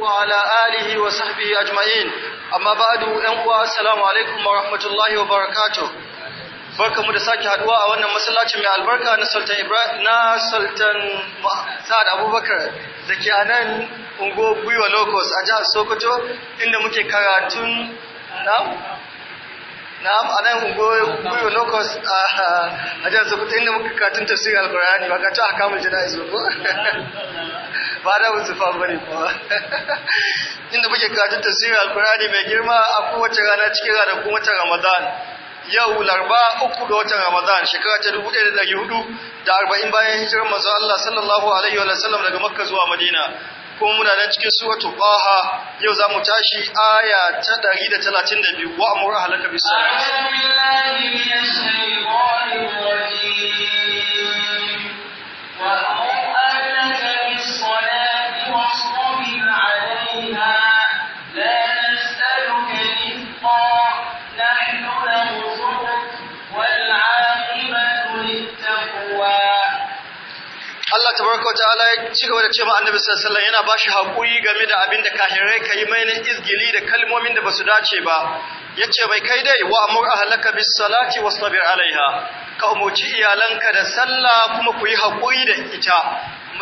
وعلى آله وصحبه أجمعين أما بعد أنقوى السلام عليكم ورحمة الله وبركاته mu da sake haduwa a wannan masallacin mai albarka na Sultan Ibrahim na Sultan Sa'ad Abubakar da ke a nan ungo Gwiwa Locos a jihar Sokoto inda muke karatun na na'am anan nan goyo locus a jihar sokoto inda muka katun tafsirin alkurani ba kacin akamun jana'iz ko ba da wasu fabari kuma inda muke katun tafsirin alkurani mai girma a kowace rana cikin ranakun watan ramadan yau larba uku ga watan ramadan shekara ta dubu ɗaya da ɗari hudu da arba'in bayan hijirar manzo allah sallallahu alaihi wa sallam daga makka zuwa madina ko muna nan cikin suratul qaha yau za mu tashi aya ta 132 wa amur ahlaka bis salat a'udhu billahi minash shaitanir rajim wa Allah wata ta'ala ya ci gaba da cewa Annabi sallallahu alaihi wasallam yana bashi hakuri game da abin da kahirai kai mai na izgili da kalmomin da basu dace ba yace mai kai dai wa amur ahlaka bis salati wastabir alaiha ka umuci iyalanka da sallah kuma ku yi hakuri da ita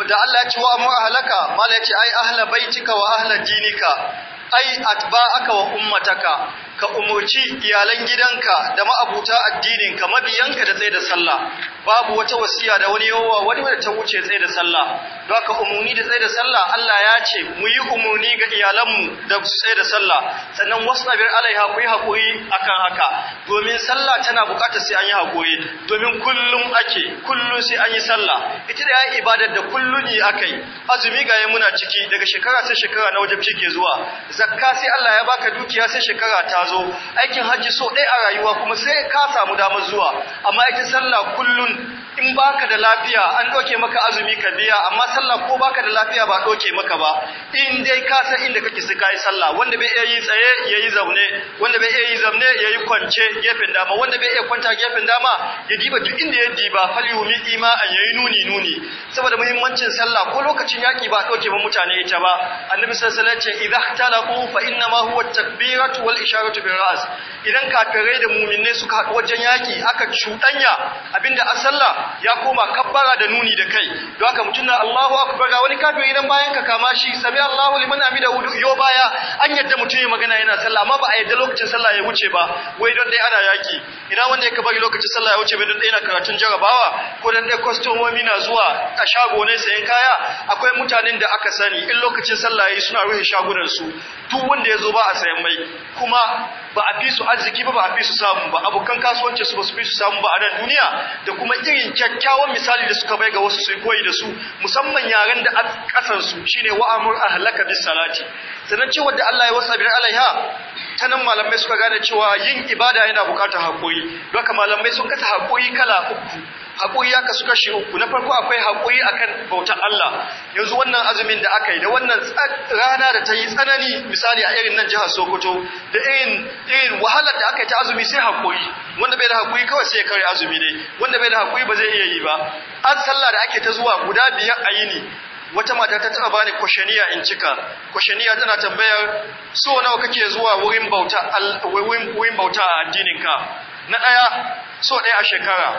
da Allah ya ci wa amur ahlaka mala ya ce ai ahla baitika wa ahla dinika ai aka wa ummataka ka umarci iyalan gidanka da ma'abuta addinin ka mabiyanka da tsaye da sallah babu wata wasiya da wani yawa wani wanda ta wuce tsaye da sallah don ka umarni da tsaye da sallah Allah ya ce mu yi umarni ga iyalanmu da su tsaye da sallah sannan wasabir alaiha ku yi hakuri akan haka domin sallah tana bukatar sai an yi hakuri domin kullum ake kullum sai an yi sallah ita da yi ibadar da kullum yi akai azumi ga yayin muna ciki daga shekara sai shekara na wajen ke zuwa zakka sai Allah ya baka dukiya sai shekara ta zo zo aikin hajji so ɗaya a rayuwa kuma sai ka samu damar zuwa amma ita sallah kullun in baka da lafiya an ɗauke maka azumi ka biya amma sallah ko baka da lafiya ba ɗauke maka ba in dai ka san inda kake su kai sallah wanda bai iya yi tsaye ya yi zaune wanda bai iya yi zaune ya yi kwance gefen dama wanda bai iya kwanta gefen dama ya diba duk inda ya diba fal yumi ima an yayi nuni nuni saboda muhimmancin sallah ko lokacin yaki ba ɗauke ba mutane ita ba annabi sallallahu alaihi wasallam ce idza ihtalaku fa inna ma huwa takbiratu wal isharatu ghazwatu ra's idan kafirai da mu'minai suka haɗu wajen yaki aka cuɗanya abinda asalla sallah ya koma kabbara da nuni da kai don haka mutum na Allahu akbar ga wani kafin idan bayan ka kama shi sami Allahu liman hudu, yo baya an yadda mutum ya magana yana sallah amma ba a yadda lokacin sallah ya wuce ba wai don dai ana yaki idan wanda ya bari lokacin sallah ya wuce bai don dai yana karatun jarabawa ko don dai kwastomomi na zuwa a shago ne sayan kaya akwai mutanen da aka sani in lokacin sallah yayi suna rufe shagunan su duk wanda ya zo ba a sayan mai kuma ba a fi su arziki ba ba a fi su samu ba abokan kasuwanci su ba su fi su samu ba a nan duniya da kuma irin kyakkyawan misali da suka bai ga wasu su koyi da su musamman yaren da kasan su shine wa'amur ahlaka bis salati sanan cewa da Allah ya wasa bi alaiha ta nan malamai suka gane cewa yin ibada yana bukatar haƙuri doka malamai sun kasa haƙuri kala uku haƙuri ya kasu kashi uku na farko akwai haƙuri akan bautar Allah yanzu wannan azumin da aka yi da wannan rana da ta yi tsanani misali a irin nan jihar Sokoto da irin wahalar da aka yi ta azumi sai haƙuri wanda bai da haƙuri kawai sai ya kare azumi ne wanda bai da haƙuri ba zai iya yi ba an sallah da ake ta zuwa guda biyar a yini wata mata ta taba bani kwashaniya in cika kwashaniya tana tambayar so nawa kake zuwa wurin bauta wurin bauta a addininka na daya so daya a shekara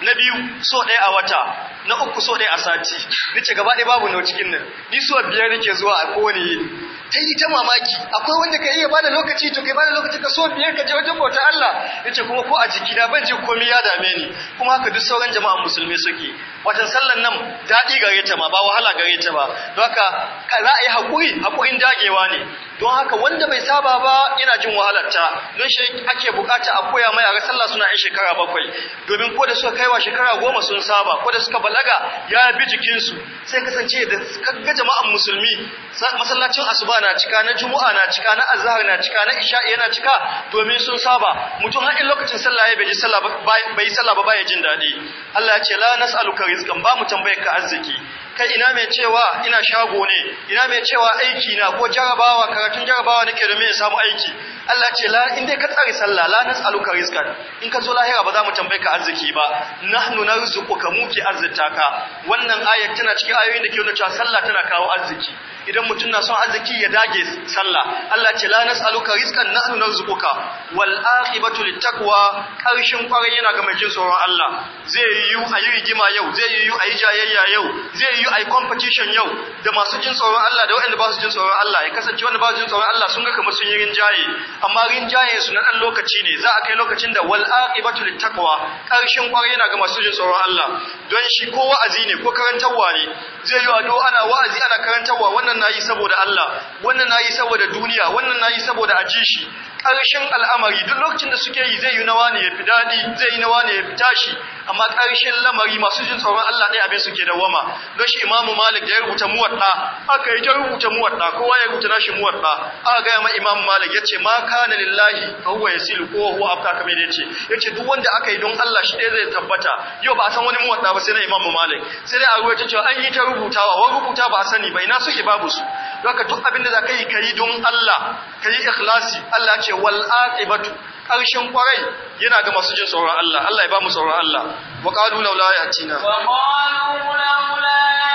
na biyu so daya a wata na uku so dai a sati nace gaba ɗaya babu na cikin nan ni so biyar nake zuwa a kowane yini ta yi ta mamaki akwai wanda ka iya bada lokaci to kai bada lokaci ka so biyar ka je wajen bautar Allah yace kuma ko a jiki na ban ji komai ya dame ni kuma haka duk sauran jama'an musulmi suke watan sallan nan daɗi gare ta ma ba wahala gare ta ba don haka za a yi hakuri hakurin dagewa ne don haka wanda bai saba ba yana jin wahalar ta don shi ake bukata a koya mai a ga sallah suna yin shekara bakwai domin ko da suka kaiwa shekara goma sun saba ko da suka bala balaga ya bi jikinsu sai kasance da kaga jama'an musulmi masallacin asuba na cika na juma'a na cika na azhar na cika na isha'i yana cika domin sun saba mutum har in lokacin sallah ya bai sallah ba bai sallah ba baya jin dadi Allah ya ce la nas'aluka rizqan ba mu tambayar ka arziki kai ina mai cewa ina shago ne ina mai cewa aiki na ko jarabawa karatun jarabawa nake da mai samu aiki Allah ce la in dai ka tsari sallah la nas'aluka rizqan in ka zo lahira ba za mu tambaye ka arziki ba nahnu narzuquka muke arzitaka wannan ayat tana cikin ayoyin da ke nuna cewa sallah tana kawo arziki idan mutum na son arziki ya dage sallah Allah ce la nas'aluka rizqan nahnu narzuquka wal aqibatu littaqwa karshen kwarin yana ga mai jin tsoron Allah zai yiwu ayi rigima yau zai yiwu ayi jayayya yau zai yiwu ayi competition yau da masu jin tsoron Allah da waɗanda ba su jin tsoron Allah ya kasance wanda ba su jin tsoron Allah sun ga kamar sun yi rinjaye amma rinjaye su na dan lokaci ne za a kai lokacin da wal aqibatu littaqwa karshen kwarin yana ga masu jin tsoron Allah don shi ko wa'azi ne ko karantarwa ne zai yi ado ana wa'azi ana karantarwa wannan wannan nayi saboda Allah wannan nayi saboda duniya wannan nayi saboda aji shi ƙarshen al'amari duk lokacin da suke yi zai yi nawa ne ya fi daɗi zai yi nawa ne ya fi tashi amma ƙarshen lamari masu jin tsoron Allah ɗaya abin suke dawama don shi imamu malik da ya rubuta muwadda aka yi ta rubuta muwadda kowa ya rubuta nashi muwadda aka gaya ma imamu malik ya ce ma kana lillahi ka huwa ya silu ko huwa afta kamar da Ya ce duk wanda aka yi don Allah shi ɗaya zai tabbata yau ba a san wani muwadda ba sai na imamu malik sai dai a ta cewa an yi ta rubutawa wa rubuta ba a sani ba ina suke babu su don ka duk abin da za ka yi ka yi don Allah ka yi ikhlasi Allah ce wal aqibatu Karshen kwarai yana ga masu jin tsoron Allah Allah ya ba mu tsoron Allah wa qalu laula yatina wa qalu laula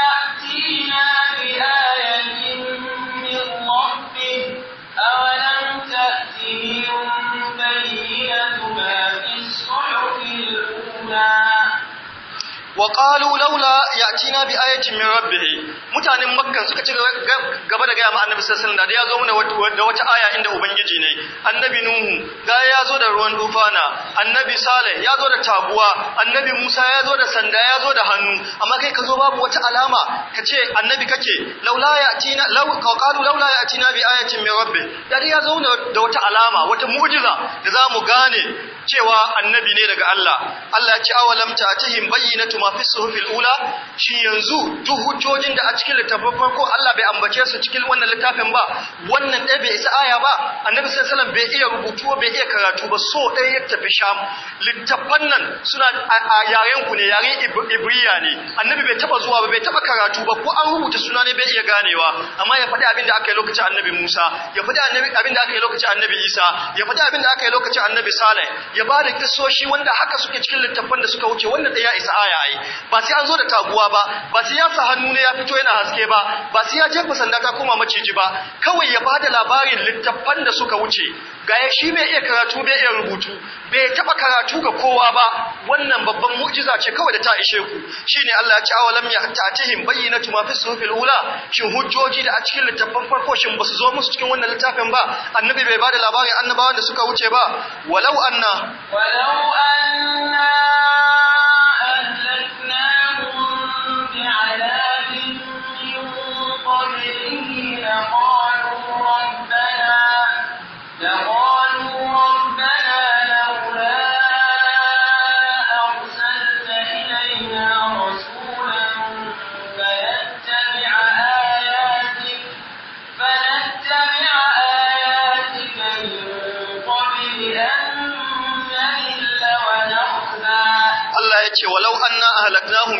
wa qalu laula yatina bi ayatin min rabbih mutanen makka suka ci gaba da gaya ma annabi sallallahu alaihi wasallam da ya zo mana da wata aya inda ubangiji ne annabi nuhu ga ya zo da ruwan dufana annabi saleh ya zo da taguwa annabi musa ya zo da sanda ya zo da hannu amma kai ka zo babu wata alama ka ce annabi kake laula yatina law qalu laula yatina bi ayatin min rabbih da ya zo da wata alama wata mu'jiza da za mu gane cewa annabi ne daga Allah Allah ya ce awalam ta'tihim bayyinatu ma fi suhufil ula shi yanzu duk hujjojin da a cikin littafin farko Allah bai ambace su cikin wannan littafin ba wannan ɗaya bai isa aya ba annabi sallallahu alaihi wasallam bai iya rubutu bai iya karatu ba so ɗaya ya tafi sham littafan nan suna a yaren ku ne yaren ibriya ne annabi bai taba zuwa ba bai taba karatu ba ko an rubuta suna ne bai iya ganewa amma ya faɗi abin da aka yi lokacin annabi Musa ya faɗi abin da aka yi lokacin annabi Isa ya faɗi abin da aka yi lokacin annabi Saleh ya ba da kisoshi wanda haka suke cikin littafin da suka wuce wanda ya isa aya ba sai an zo da taguwa ba ba sai ya sa hannu ne ya fito yana haske ba ba sai ya jefa sanda ta koma maciji ba kawai ya ba da labarin littafin da suka wuce gaya shi bai iya karatu bai iya rubutu bai taba karatu ga kowa ba wannan babban mu'jiza ce kawai da ta ishe ku shine Allah ya ce awalam ya ta'tihim bayyana tuma fi suhufil ula shin hujjoji da a cikin littafin farko shin basu zo musu cikin wannan littafin ba annabi bai bada labarin annabawan da suka wuce ba walau anna walau anna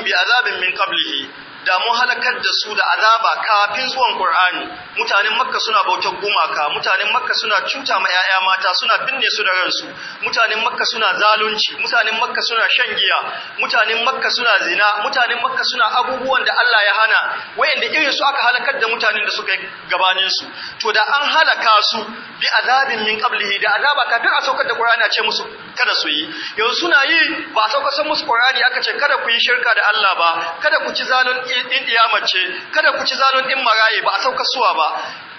bi azabin min qablihi da mu halakar da su da azaba kafin zuwan Qur'ani mutanen Makka suna bautar gumaka mutanen Makka suna cuta ma yaya mata suna binne su da ransu mutanen Makka suna zalunci mutanen Makka suna shan giya mutanen Makka suna zina mutanen Makka suna abubuwan da Allah ya hana wayanda irin su aka halakar da mutanen da suka gabanin su to da an halaka su bi azabin min qablihi da azaba kafin a saukar da Qur'ani a ce musu kada su yi yanzu suna yi ba saukar musu Qur'ani aka ce kada ku yi shirka da Allah ba kada ku ci zalunci ɗin ɗiyamace kada ku ci zalun ɗin maraye ba a sauka suwa ba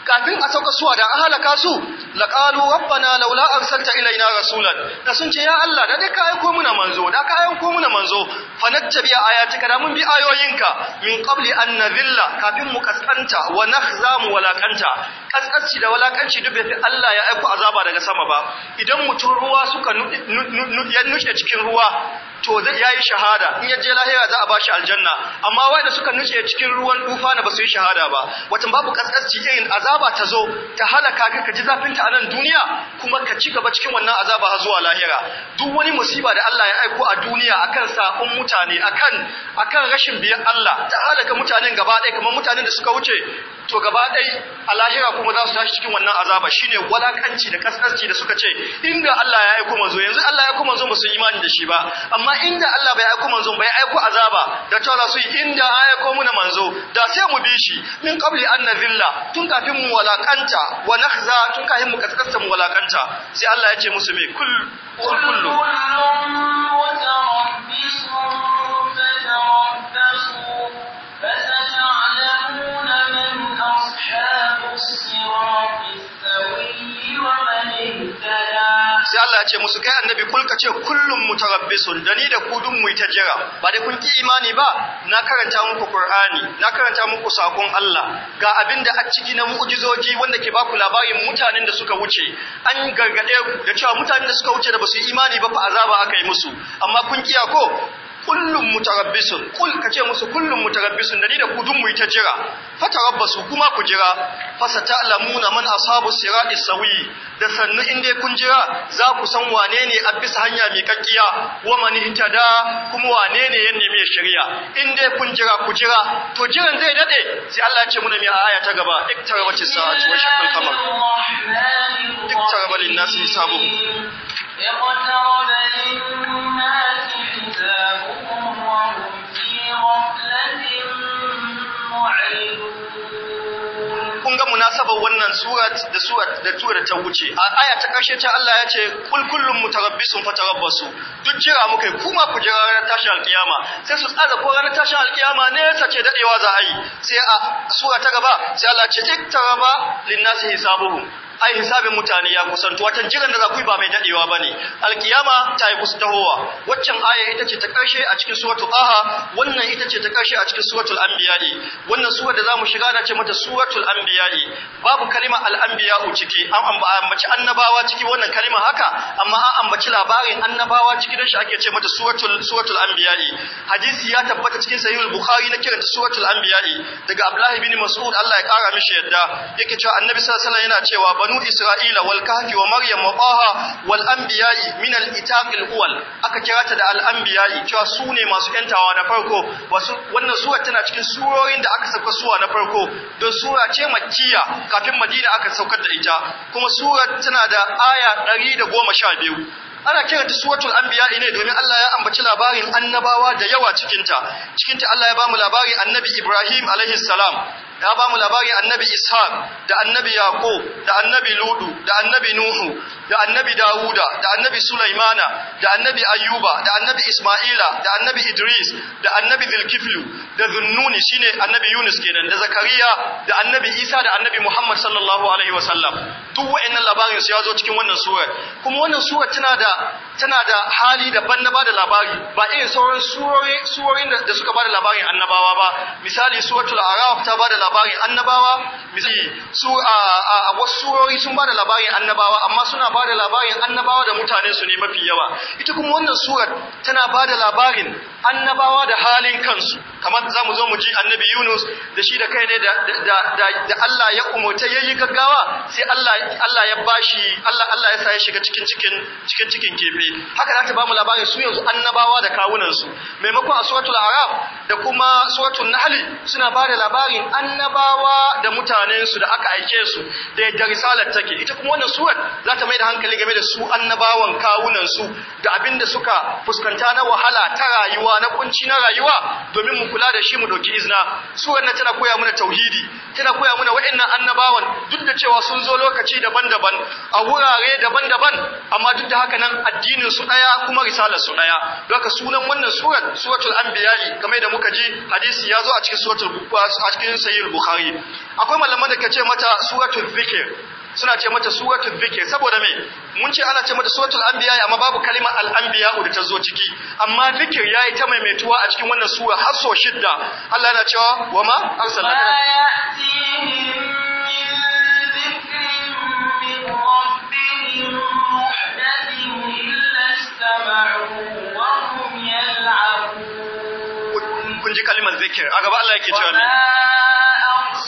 kafin a sauka suwa da an halaka su laqalu rabbana laula arsalta ilaina rasulan da sun ce ya Allah da dai ka aiko muna manzo da ka aiko muna manzo fa fanattabi ayati kada mun bi ayoyinka min qabli an nadhilla kafin mu kaskanta wa wala walakanta kaskanci da walakanci duk bai Allah ya aiko azaba daga sama ba idan mutun ruwa suka nuke cikin ruwa to zai yayi shahada in ya je lahira za a bashi aljanna amma wanda suka nuce cikin ruwan dufa na su yi shahada ba watan babu kaskasci irin azaba ta zo ta halaka ka ka ji zafin ta a nan duniya kuma ka ci gaba cikin wannan azaba har zuwa lahira duk wani musiba da Allah ya aiko a duniya akan sakon mutane akan akan rashin biyan Allah ta halaka mutanen gaba ɗaya kamar mutanen da suka wuce to gaba ɗai a lahira kuma za su tashi cikin wannan azaba shi ne walakanci da kasarci da suka ce inda Allah ya aiko manzo yanzu Allah ya aiko manzo ba su imani da shi ba amma inda Allah bai aiko manzo bai aiko azaba da cewa su inda ya aiko muna manzo da sai mu bi shi min qabli an nazilla tun kafin mu walakanta wa nahza tun kafin mu kaskasta mu walakanta sai Allah ya ce musu me kul kullu Allah ya ce musu kai annabi kul ka ce kullum mutarabbisun da ni da ku dun mu ta jira ba dai kun ki imani ba na karanta muku Qur'ani na karanta muku sakon Allah ga abin da a ciki na mu'jizoji wanda ke baku labarin mutanen da suka wuce an gargade ku da cewa mutanen da suka wuce da basu yi imani ba fa azaba aka yi musu amma kun kiya ko kullum mutarabbisun kul kace musu kullum mutarabbisun da ni da kudun mu ta jira tarabbasu kuma ku jira fasata'lamuna man asabu sirati sawi da sannu inde kun jira za ku san wane ne a bisa hanya mai kakkiya wa man ihtada kuma wane ne ya mai shari'a inde kun jira ku jira to jiran zai dade sai Allah ya ce muna mai aya ta gaba iktarabatis sa'atu wa shaqqal qamar iktarabal nasi hisabuhum يقترب للناس munasabar wannan surat da surat da tura ta wuce a aya ta karshe ta Allah ya ce kul kullum mutarabbisun fatarabbasu duk jira muka yi kuma ku jira ranar tashin alkiyama sai su tsara ko ranar tashin alkiyama ne ya ce dadewa za a yi sai a sura ta gaba sai Allah ya ce iktaraba linnasi hisabuhum ai hisabin mutane ya kusanto watan jiran da za ku yi ba mai dadewa bane alkiyama ta yi kusa tahowa waccan aya ita ce ta karshe a cikin suratul taha wannan ita ce ta karshe a cikin suratul anbiya'i wannan surar da zamu shiga na ce mata suratul anbiya'i babu kalima al anbiya'u ciki an ambaci annabawa ciki wannan kalima haka amma an ambaci labarin annabawa ciki da shi ake ce mata suratul suratul anbiya'i hadisi ya tabbata cikin sahihul bukhari na kiranta suratul anbiya'i daga abdullahi bin mas'ud Allah ya kara mishi yadda yake cewa annabi sallallahu alaihi wasallam yana cewa banu isra'ila wal wa maryam wa wal'ambiyayi wal anbiya'i min al uwal aka kira ta da al'ambiyayi cewa su ne masu yantawa na farko wannan sura tana cikin surorin da aka sauka suwa na farko don sura ce makkiya kafin madina aka saukar da ita kuma sura tana da aya biyu. ana kira ta suratul anbiya ne domin Allah ya ambaci labarin annabawa da yawa cikinta cikinta Allah ya ba mu labarin annabi Ibrahim alaihi salam ya ba mu labari annabi ishaq da annabi yaqub da annabi ludu da annabi nuhu da annabi dawuda da annabi sulaimana da annabi ayyuba da annabi isma'ila da annabi idris da annabi zulkiflu da zunnuni shine annabi yunus kenan da zakariya da annabi isa da annabi muhammad sallallahu alaihi wasallam duk wa'annan labarin su ya zo cikin wannan surar kuma wannan surar tana da tana da hali daban na bada labari ba irin sauran surorin da suka bada labarin annabawa ba misali suratul araf ta bada labarin annabawa su a wasu surori sun bada labarin annabawa amma suna bada labarin annabawa da mutane su ne mafi yawa ita kuma wannan surar tana ba da labarin annabawa da halin kansu kamar mu zo mu ji annabi Yunus da shi da kai ne da Allah ya ya yayi gaggawa sai Allah ya bashi Allah Allah ya sa ya shiga cikin cikin cikin kefe haka za ta bamu labarin su yanzu annabawa da kawunansu. maimakon a suratul arab da kuma suratul nahl suna da labarin annabawa annabawa da mutanensu da aka aike su da yadda risalar take ita kuma wannan surar za ta mai da hankali game da su annabawan kawunansu da abin da suka fuskanta na wahala ta rayuwa na kunci na rayuwa domin mu kula da shi mu ɗauki izina surar nan tana koya mana tauhidi tana koya mana wa'annan annabawan duk da cewa sun zo lokaci daban-daban a wurare daban-daban amma duk da haka nan addinin su ɗaya kuma risalar su ɗaya don haka sunan wannan surar suratul anbiya kamar da muka ji hadisi ya zo a cikin suratul a cikin sayi sahih bukhari akwai malaman da kace mata suratul zikr suna ce mata suratul zikr saboda me mun ce ana ce mata suratul anbiya amma babu kalima al anbiya da ta zo ciki amma zikr yayi ta maimaituwa a cikin wannan sura har so shidda Allah yana cewa wa ma kun ji kalimar zikir a gaba Allah yake cewa ne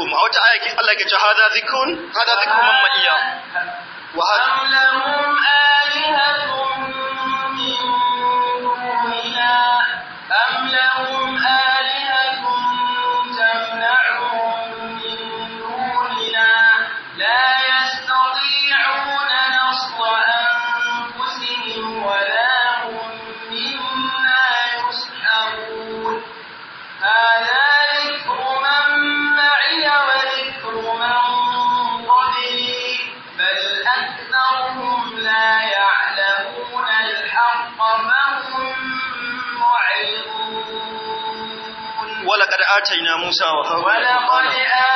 ذكركم أو تعالى الله كجهاد ذكركم هذا ذكر من معي وهذا آتينا موسى وهارون ولقد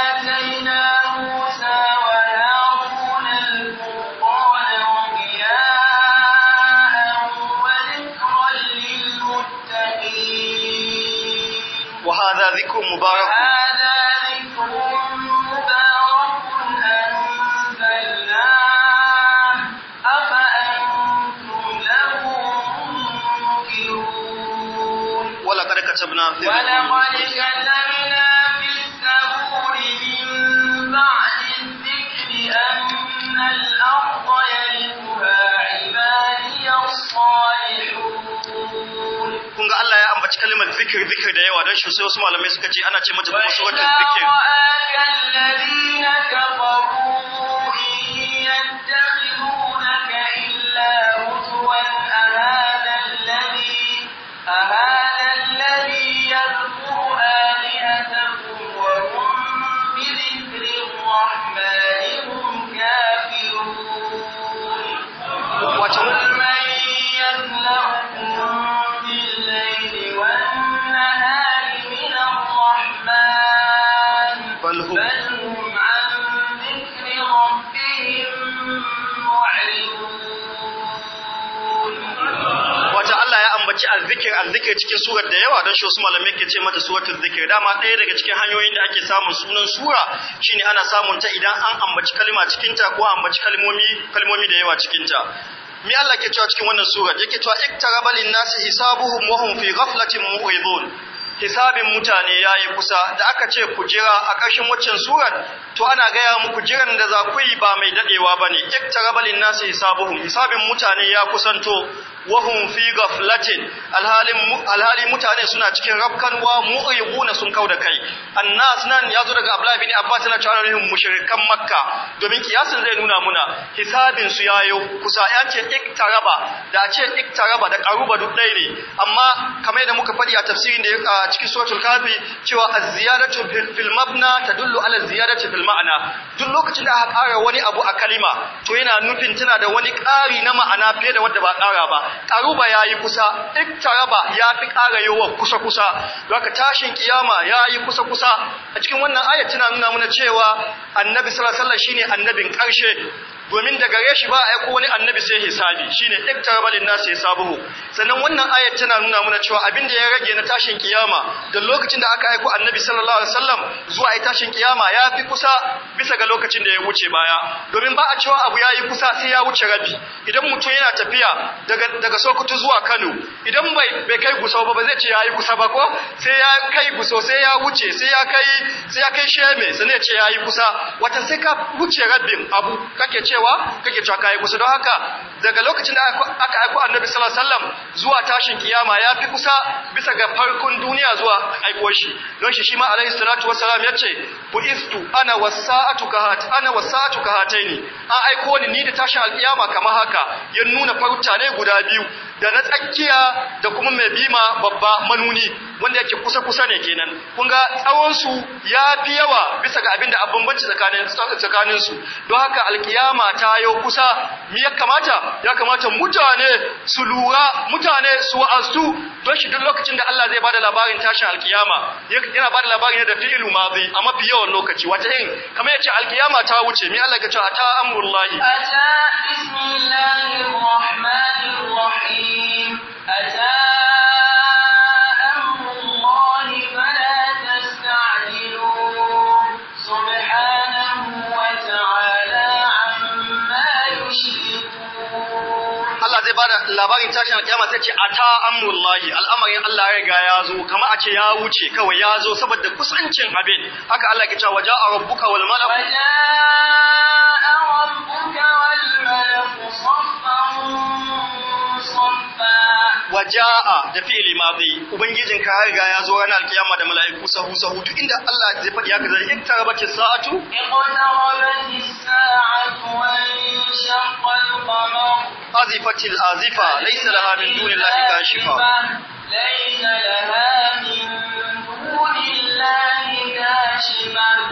آتينا موسى وهارون الفرقان وضياء وذكرا للمتقين وهذا ذكر مبارك هذا ذكر مبارك أنزلناه أفأنتم له منكرون ولقد كتبنا في shi sai wasu malamai suka ce ana ce mata kuma wajen fikr azzikir cikin surar da yawa dan shi wasu malamai ke ce mata suratul zikir dama ɗaya daga cikin hanyoyin da ake samun sunan sura shine ana samun ta idan an ambaci kalma cikin ta ko ambaci kalmomi kalmomi da yawa cikin ta me Allah ke cewa cikin wannan sura yake cewa iktaraba linnasi hisabuhum wa hum fi ghaflatin mu'ridun hisabin mutane yayi kusa da aka ce ku jira a ƙarshen waccan surar to ana gaya muku jiran da za ku yi ba mai dadewa bane iktaraba linnasi hisabuhum hisabin mutane ya kusanto wahum fi ghaflatin alhalin mutane suna cikin rafkanwa mu'ayyuna sun da kai annas nan yazo daga abdullahi bin abbas na cewa rahim mushrikan makka domin kiyasin zai nuna muna hisabin su yayo kusa ya ce iktaraba da ce iktaraba da qaruba duk dai ne amma kamar yadda muka fadi a tafsirin da a cikin suratul kafi cewa az-ziyadatu fil mabna tadullu ala ziyadati fil ma'na duk lokacin da aka ƙara wani abu a kalima to yana nufin tana da wani ƙari na ma'ana fiye da wanda ba ƙara ba ƙaruba ya yi kusa iktaraba ya fi ƙara yiwuwa kusa-kusa don tashin kiyama ya yi kusa-kusa a cikin wannan ayat tana nuna mana cewa annabi sallallahu shine annabin ƙarshe domin daga gare shi ba a aiko wani annabi sai hisabi shine balin nasu hisabuhu sannan wannan ayat tana nuna muna cewa abin da ya rage na tashin kiyama da lokacin da aka aiko annabi sallallahu alaihi wasallam zuwa ai tashin kiyama ya fi kusa bisa ga lokacin da ya wuce baya domin ba a cewa abu yayi kusa sai ya wuce rabi idan mutum yana tafiya daga daga Sokoto zuwa Kano idan bai bai kai guso ba zai ce yayi kusa ba ko sai ya kai guso sai ya wuce sai ya kai sai ya kai sheme sai ya ce yayi kusa wata sai ka wuce rabin abu kake ce cewa kake cewa kai kusa don haka daga lokacin da aka aiko annabi sallallahu alaihi wasallam zuwa tashin kiyama ya fi kusa bisa ga farkon duniya zuwa aiko shi don shi shi ma alaihi salatu wassalam yace buistu ana wasa'atu kahat ana wasa'atu kahataini an aiko ni ni da tashin alkiyama kamar haka ya nuna farta ne guda biyu da na tsakiya da kuma mai bima babba manuni wanda yake kusa kusa ne kenan kun ga tsawon su ya fi yawa bisa ga abinda da abin bacci tsakanin su don haka alkiyama kiyama ta kusa mi ya kamata ya kamata mutane su lura mutane su wa'azu don shi duk lokacin da Allah zai bada labarin tashin alkiyama yana bada labarin da fi'lu madi a mafi yawan lokaci wata irin kamar ce alkiyama ta wuce mi Allah ya ce a amrullahi ata bismillahir rahmanir rahim ata bada labarin tashin alkiyama ta ce ata amrullahi al'amarin Allah ya ga ya zo kamar a ce ya wuce kawai ya zo saboda kusancin abin haka Allah ya ce waja rabbuka wal malak waja rabbuka wal malak saffan saffa ja'a da fi'li madi ubangijin ka har ga ya zo ranar alkiyama da mala'iku sahu sahu duk inda Allah zai faɗi haka zai iktara bace sa'atu azifatil azifa laysa laha min dunillahi kashifa laysa laha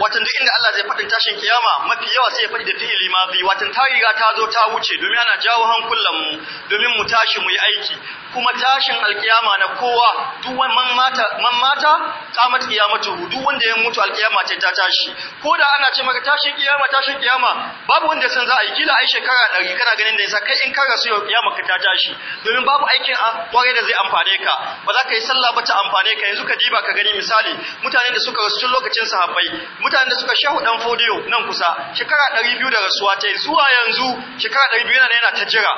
watan duk inda Allah zai faɗin tashin kiyama mafi yawa sai ya faɗi da fi'ili ma bi watan ta riga ta zo ta wuce domin ana jawo hankulan mu domin mu tashi mu yi aiki kuma tashin alkiyama na kowa duk wani mata man mata qamat duk wanda ya mutu alkiyama ce ta tashi ko da ana ce maka tashin kiyama tashin kiyama babu wanda san za a yi kila ai shekara 100 kana ganin da yasa kai in ka rasu kiyama ka ta tashi domin babu aikin kware da zai amfane ka ba za ka yi sallah ba ta amfane ka yanzu ka diba ka gani misali mutane da suka rasu tun lokacin sahabbai mutane da suka shahu dan fodiyo nan kusa shekara 200 da rasuwa ta zuwa yanzu shekara 200 yana yana ta jira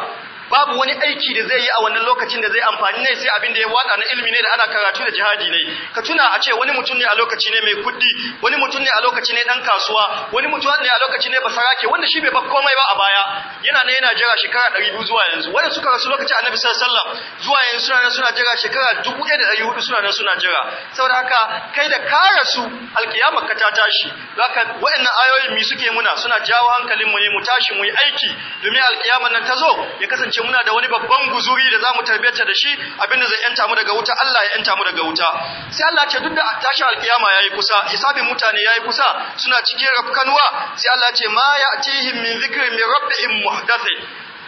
babu wani aiki da zai yi a wannan lokacin da zai amfani ne sai abin da ya wada na ilimi ne da ana karatu da jihadi ne ka tuna a ce wani mutum ne a lokaci ne mai kuɗi wani mutum ne a lokaci ne dan kasuwa wani mutum ne a lokaci ne basarake wanda shi bai ba komai ba a baya yana ne yana jira shekara 200 zuwa yanzu wanda suka rasu lokaci annabi sallallahu alaihi wasallam zuwa yanzu suna nan suna jira shekara 1400 suna nan suna jira saboda haka kai da ka rasu alkiyama ka ta tashi zaka wayannan ayoyin mi suke muna suna jawo hankalin mu ne mu tashi mu yi aiki domin alkiyama nan ta zo ya kasance ce muna da wani babban guzuri da za zamu tarbiyarta da shi abinda zai yanta mu daga wuta Allah ya yanta mu daga wuta sai Allah ce duk da tashin alkiyama yayi kusa hisabin mutane yayi kusa suna cikin rafkanuwa sai Allah ce ma ya'tihim min zikri min rabbihim muhdathi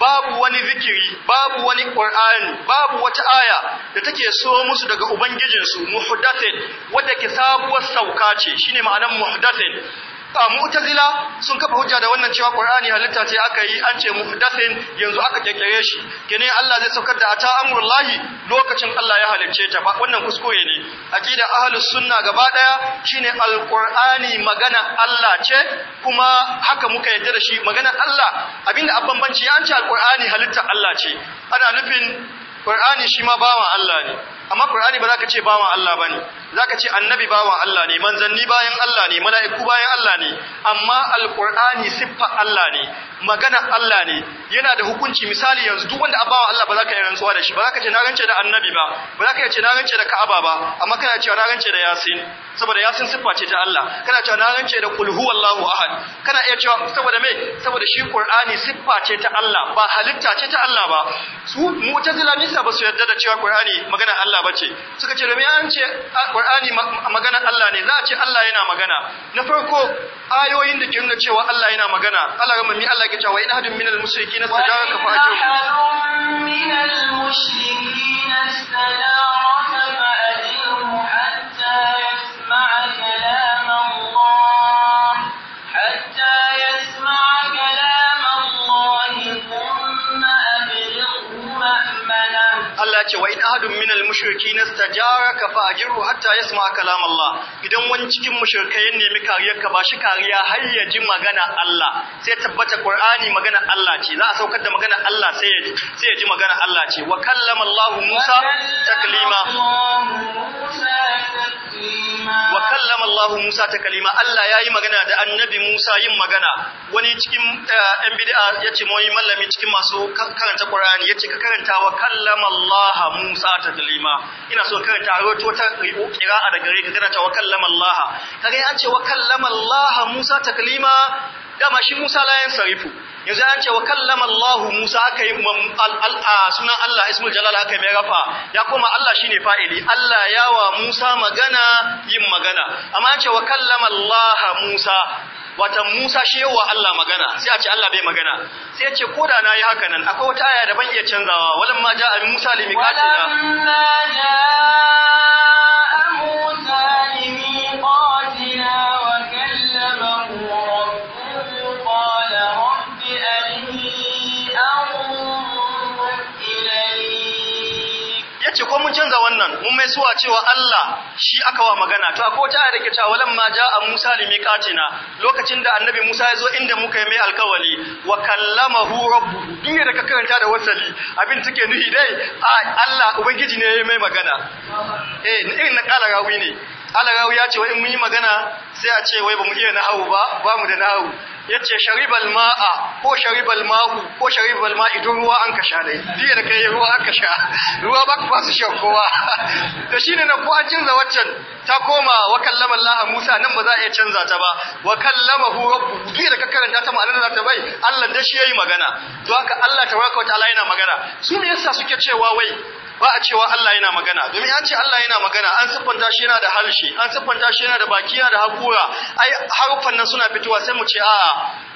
babu wani zikiri babu wani qur'an babu wata aya da take so musu daga ubangijinsu muhdathin wadda ke sabuwar sauka ce shine ma'anar muhdathin a mu'tazila sun kafa hujja da wannan cewa qur'ani halitta ce aka yi an ce muhdathin yanzu aka kekkere shi kene Allah zai saukar da ata amrullahi lokacin Allah ya halicce ta ba wannan kuskure ne akida ahlus sunna gaba daya shine alqur'ani magana Allah ce kuma haka muka yarda da shi magana Allah abinda abban banci ya an ce alqur'ani halitta Allah ce ana nufin qur'ani shi ma bawa Allah ne amma qur'ani ba za ka ce bawan Allah bane zaka ce annabi bawan Allah ne manzanni bayan Allah ne mala'iku bayan Allah ne amma alqur'ani siffa Allah ne magana Allah ne yana da hukunci misali yanzu duk wanda abawa Allah ba za ka yi rantsuwa da shi ba za ka ce na rance da annabi ba ba za ka ce na rance da Ka'aba ba amma kana cewa na rance da Yasin saboda Yasin siffa ce ta Allah kana cewa na rance da kulhu wallahu ahad kana iya cewa saboda me saboda shi Qur'ani siffa ce ta Allah ba halitta ce ta Allah ba su mu'tazila nisa ba su yarda da cewa Qur'ani magana Allah bace suka ce da me an ce Qur'ani maganar Allah ne za a ce Allah yana magana na farko ayoyin da ke nuna cewa Allah yana magana Allah ramami Allah ke cewa in hadin minal mushriki na sajara ka fa'ajiru ce wa in ahadun minal mushrikina stajaraka fa ajirhu hatta yasma kalam Allah idan wani cikin mushrikai ya nemi kariyar ka bashi kariya har ya ji magana Allah sai tabbata Qur'ani magana Allah ce za a saukar da magana Allah sai ya ji sai ya ji magana Allah ce wa kallama Allah Musa taklima wa kallama Allah Musa taklima Allah yayi magana da annabi Musa yin magana wani cikin ɗan eh, bid'a yace mu yi mallami cikin masu karanta Qur'ani yace ka karanta wa kallama Allah Allah Musa taklima ina so ka taro to ta qira'a da gare ka kana ta wa kallama Ka kaga an ce wa kallama Allah Musa taklima dama shi Musa la yan sarifu yanzu an ce wa kallama Allah Musa aka yi sunan Allah ismul jalal aka mai rafa ya kuma Allah shine fa'ili Allah yawa Musa magana yin magana amma an ce wa kallama Allah Musa Watan Musa shi yawa Allah magana sai a ce Allah bai magana sai ya ce ko da nayi haka nan akwai wata aya da ban iya canzawa walamma ja'a Musa limiqatina walamma ja'a musulmai suwa cewa Allah shi aka wa magana to akwai wata ayar da cewa walam ma jaa Musa miqatina lokacin da annabi Musa ya zo inda muka yi mai alkawali wa kallamahu rabbu duk da ka karanta da wasali abin take nuhi dai Allah ubangiji ne ya mai magana eh irin na kala rawi ne Allah rawi ya ce wai mun yi magana sai a ce wai bamu iya nahawu ba bamu da nahawu yace sharibal ma'a ko sharibal ma'u ko sharibal ma'i duk ruwa an kasha dai jiya da kai ruwa aka sha ruwa ba ku fasu shan kowa to shine na ku an canza waccan ta koma wa kallama Allah Musa nan ba za a iya canza ta ba wa hu rabbu jiya da ka karanta ta ma'anar da ta bai Allah da shi yayi magana to haka Allah tabaraka wa ta'ala yana magana su ne yasa suke cewa wai ba a cewa Allah yana magana domin an ce Allah yana magana an siffanta shi yana da harshe an siffanta shi yana da baki yana da hakura ai harufan nan suna fitowa sai mu ce a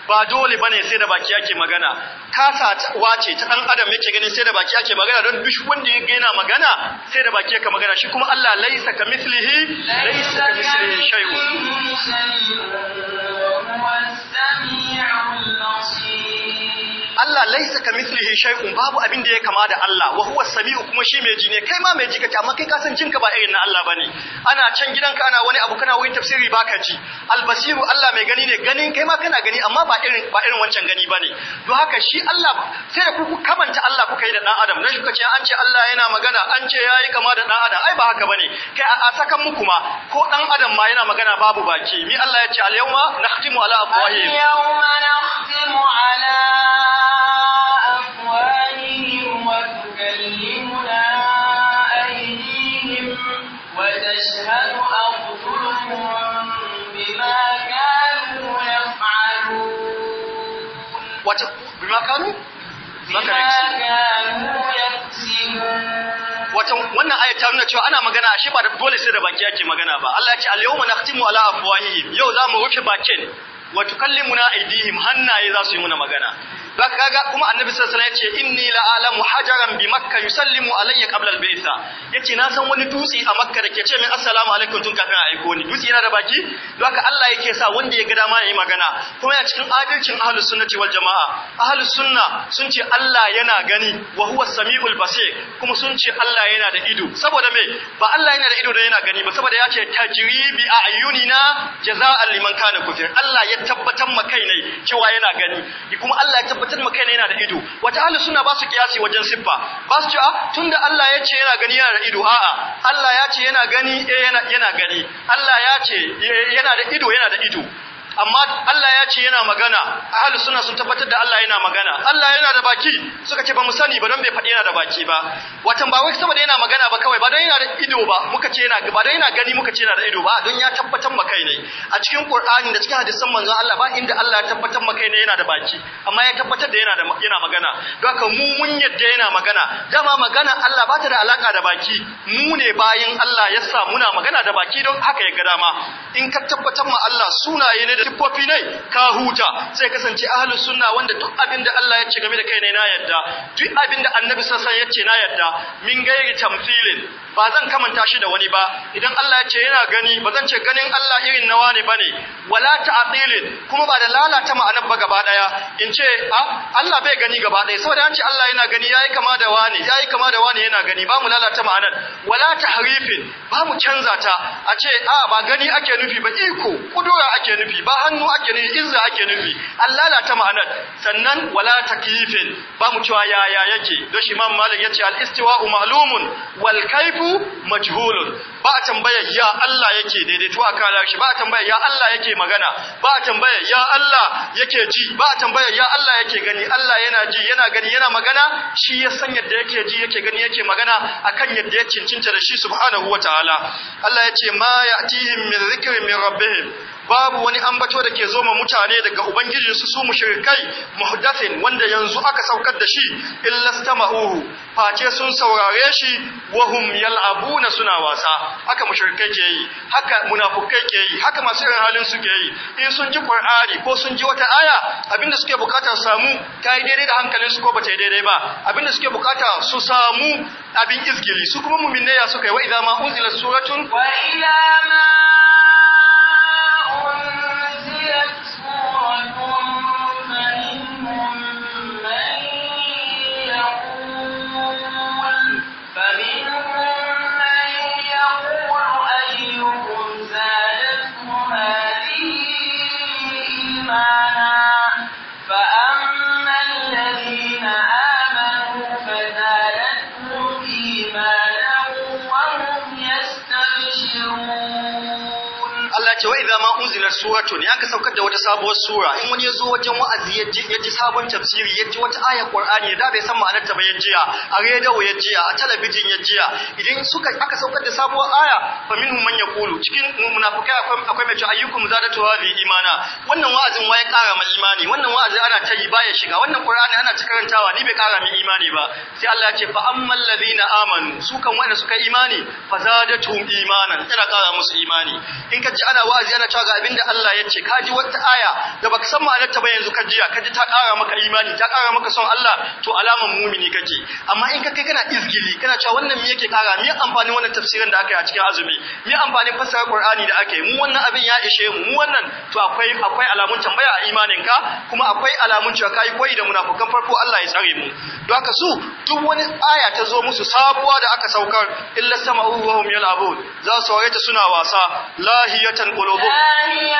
ba dole bane sai da baki ake magana kasa wace ta dan adam yake ganin sai da baki ake magana don duk wanda ya yana magana sai da baki yake magana shi kuma Allah laisa kamithlihi laisa kamithlihi shay'un Allah laisa ka mislihi shay'un babu abin da ya kama da Allah wa huwa samiu kuma shi mai ji ne kai ma mai ji kake amma kai ka san jinka ba irin na Allah bane ana can gidanka ana wani abu kana wani tafsiri ka ji albasiru Allah mai gani ne ganin kai ma kana gani amma ba irin ba irin wancan gani bane don haka shi Allah sai da ku kamanta Allah kuka yi da dan adam dan kuka ce an ce Allah yana magana an ce yayi kama da dan adam ai ba haka bane kai a sakan muku ma ko dan adam ma yana magana babu baki mi Allah ya ce al yawma nakhtimu ala afwahihim al yawma nakhtimu ala Wata wannan ayat ta nuna cewa ana magana ashe ba da dole sai da baki ake magana ba. Allah ya ce al-yawma nakhtimu ala afwahihim. Yau za mu rufe bakin wa tukallimuna aydihim hannaye za su yi muna magana baka kuma annabi sallallahu alaihi wasallam yace inni la'alamu hajaran bi makka yusallimu alayya qabla al-baytha yace na san wani dutse a makka da ke ce min assalamu alaikum tun kafin a aiko ni dutse yana da baki haka Allah yake sa wanda ya ga dama yayi magana kuma ya cikin adalcin ahlus sunnati wal jamaa ahlus sunna sun ce Allah yana gani wa huwa samiul basir kuma sun ce Allah yana da ido saboda me ba Allah yana da ido da yana gani ba saboda ya ce tajribi a'yunina jazaa'an liman kana kufir Allah ya ya tabbatar ma ne cewa yana gani kuma Allah ya tabbatar ma kai ne yana da ido wata ahli suna ba su kiyasi wajen siffa ba su cewa tunda Allah ya ce yana gani yana da ido a'a Allah ya ce yana gani eh yana yana gani Allah ya ce eh, yana da ido yana da ido amma Allah ya ce yana magana ahli sunna sun tabbatar da Allah yana magana Allah yana da baki suka ce ba mu sani ba don bai faɗi yana da baki ba watan ba wai saboda yana magana ba kawai ba don yana da ido ba muka ce yana ba don yana gani muka ce yana da ido ba don ya tabbatar maka ne a cikin Qur'ani da cikin hadisan manzon Allah ba inda Allah ya tabbatar maka ne yana da baki amma ya tabbatar da yana da yana magana don haka mu mun yadda yana magana dama magana Allah ba ta da alaka da baki mu ne bayin Allah yasa muna magana da baki don haka ya ga dama in ka tabbatar ma Allah sunaye ne siffofi ne ka huta sai kasance ahlus sunna wanda duk abin da Allah ya ce game da kai ne na yadda duk abin da annabi sallallahu alaihi wasallam ya ce na yadda min gairi tamthilin ba zan kamanta shi da wani ba idan Allah ya ce yana gani ba zan ce ganin Allah irin nawa wani bane wala ta'tilin kuma ba da lalata ma'anar ba gaba daya in ce Allah bai gani gaba daya saboda an ce Allah yana gani yayi kama da wani yayi kama da wani yana gani ba mu lalata ma'anar wala tahrifin ba mu canza ta a ce a ba gani ake nufi ba iko kudura ake nufi ba hannu ake nufi izza ake nufi an lalata ma'anar sannan wala takyifin ba mu cewa yaya yake don shi Imam Malik yace al istiwa ma'lumun wal kayf ghaibu majhulun ba a tambayar ya Allah yake daidaito a shi ba a tambayar ya Allah yake magana ba tambayar ya Allah yake ji ba a tambayar ya Allah yake gani Allah yana ji yana gani yana magana shi ya san yadda yake ji yake gani yake magana akan yadda ya cincinta da shi subhanahu wataala Allah ya ce ma ya'tihim min dhikrin min rabbihim babu wani ambato da ke zoma mutane daga ubangijin su su mushrikai muhdathin wanda yanzu aka saukar da shi ma'uhu? face sun saurare shi wahum yal'abuna suna wasa haka mushrikai ke yi haka munafukai ke yi haka masu irin halin su ke yi in sun ji qur'ani ko sun ji wata aya abinda suke bukatar samu ta yi daidai da hankalin su ko ba yi daidai ba abinda suke bukata su samu abin izgili su kuma mu'minai suka yi wa idza ma unzila suratun wa ila ma suratun ne aka saukar da wata sabuwar sura in wani ya zo wajen wa'azi ya ji sabon tafsiri ya ji wata ayar qur'ani da bai san ma'anar ta ba ya jiya a radio ya jiya a talabijin ya jiya idan suka aka saukar da sabuwar aya fa minhum man yaqulu cikin munafikai akwai akwai mai cewa ayyukum zadatu wa imana wannan wa'azin wai kara mai imani wannan wa'azi ana ta yi baya shiga wannan qur'ani ana ci karantawa ni bai kara mai imani ba sai Allah ya ce fa ammal ladina amanu su kan wanda suka imani fa zadatu imanan tana kara musu imani in ka ji ana wa'azi ana cewa ga abinda Allah Allah ya ce ka wata aya da baka san ma'anar ta ba yanzu ka jiya ka ji ta ƙara maka imani ta ƙara maka son Allah to alaman mumini kake amma in ka kai kana izgili kana cewa wannan me yake ƙara me amfanin wannan tafsirin da aka yi a cikin azumi me amfanin fassarar Qur'ani da aka yi mu wannan abin ya ishe mu mu wannan to akwai akwai alamun tambaya a imaninka kuma akwai alamun cewa kai koyi da munafukan farko Allah ya tsare mu don haka su duk wani aya ta zo musu sabuwa da aka saukar illa sama'u wa hum yal'abun za su ta suna wasa lahiyatan qulubuhum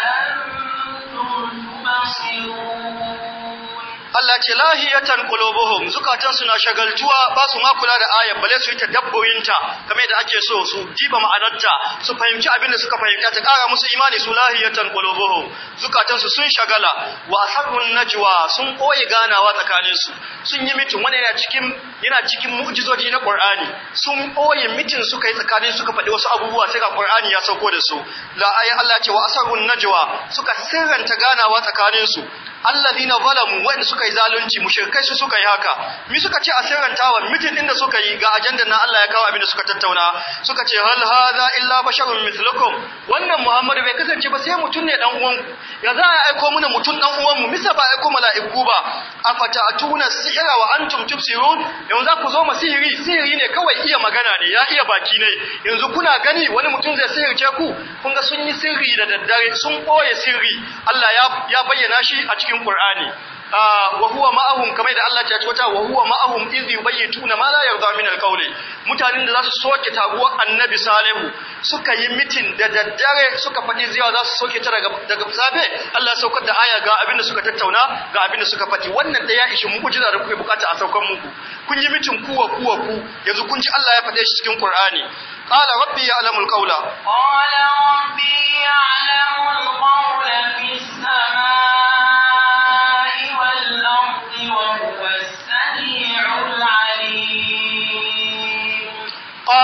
Allah ce lahiyatan qulubuhum zukatan suna shagaltuwa ba su ma kula da ayat bale su yi dabboyinta kamar da ake so su jiba ma'anarta su fahimci abin da suka fahimta ta kara musu imani su lahiyatan qulubuhum zukatan su sun shagala wa sabun najwa sun koyi ganawa tsakanin su sun yi mitin wani yana cikin yana cikin mu'jizoji na Qur'ani sun koyi mitin suka yi tsakanin suka faɗi wasu abubuwa sai ga Qur'ani ya sauko da su la ayat Allah ce wa sabun najwa suka sirranta ganawa tsakanin su alladina zalamu wanda suka yi zalunci mushrikai su suka yi haka mi suka ce a sirrantawa mitin din da suka yi ga ajandar na Allah ya kawo abin da suka tattauna suka ce hal hadha illa basharun mithlukum wannan Muhammad bai kasance ba sai mutun ne dan uwanku ya za a aiko mana mutum dan mu misa ba aiko mala'iku ba afata atuna sihra wa antum tubsirun yanzu za ku zo ma sihiri sihiri ne kawai iya magana ne ya iya baki ne yanzu kuna gani wani mutum zai sihirce ku kun ga sun yi sirri da daddare sun boye sirri Allah ya ya bayyana shi a cikin cikin Qur'ani ah, wa huwa ma'ahum kamar da Allah ya ce wata wa huwa ma'ahum iz yubayituna ma la yarda min alqawli mutanen da zasu soke taguwar annabi salihu suka yi mitin da daddare suka faɗi zuwa zasu soke ta daga daga safe Allah saukar da aya ga abinda suka tattauna ga abin da suka faɗi wannan da ya ishi kujira da kuke bukata a saukan muku kun yi mitin kuwa kuwa ku yanzu kun ji Allah ya faɗe shi cikin Qur'ani qala rabbi ya'lamu alqawla qala rabbi ya'lamu alqawla fis samaa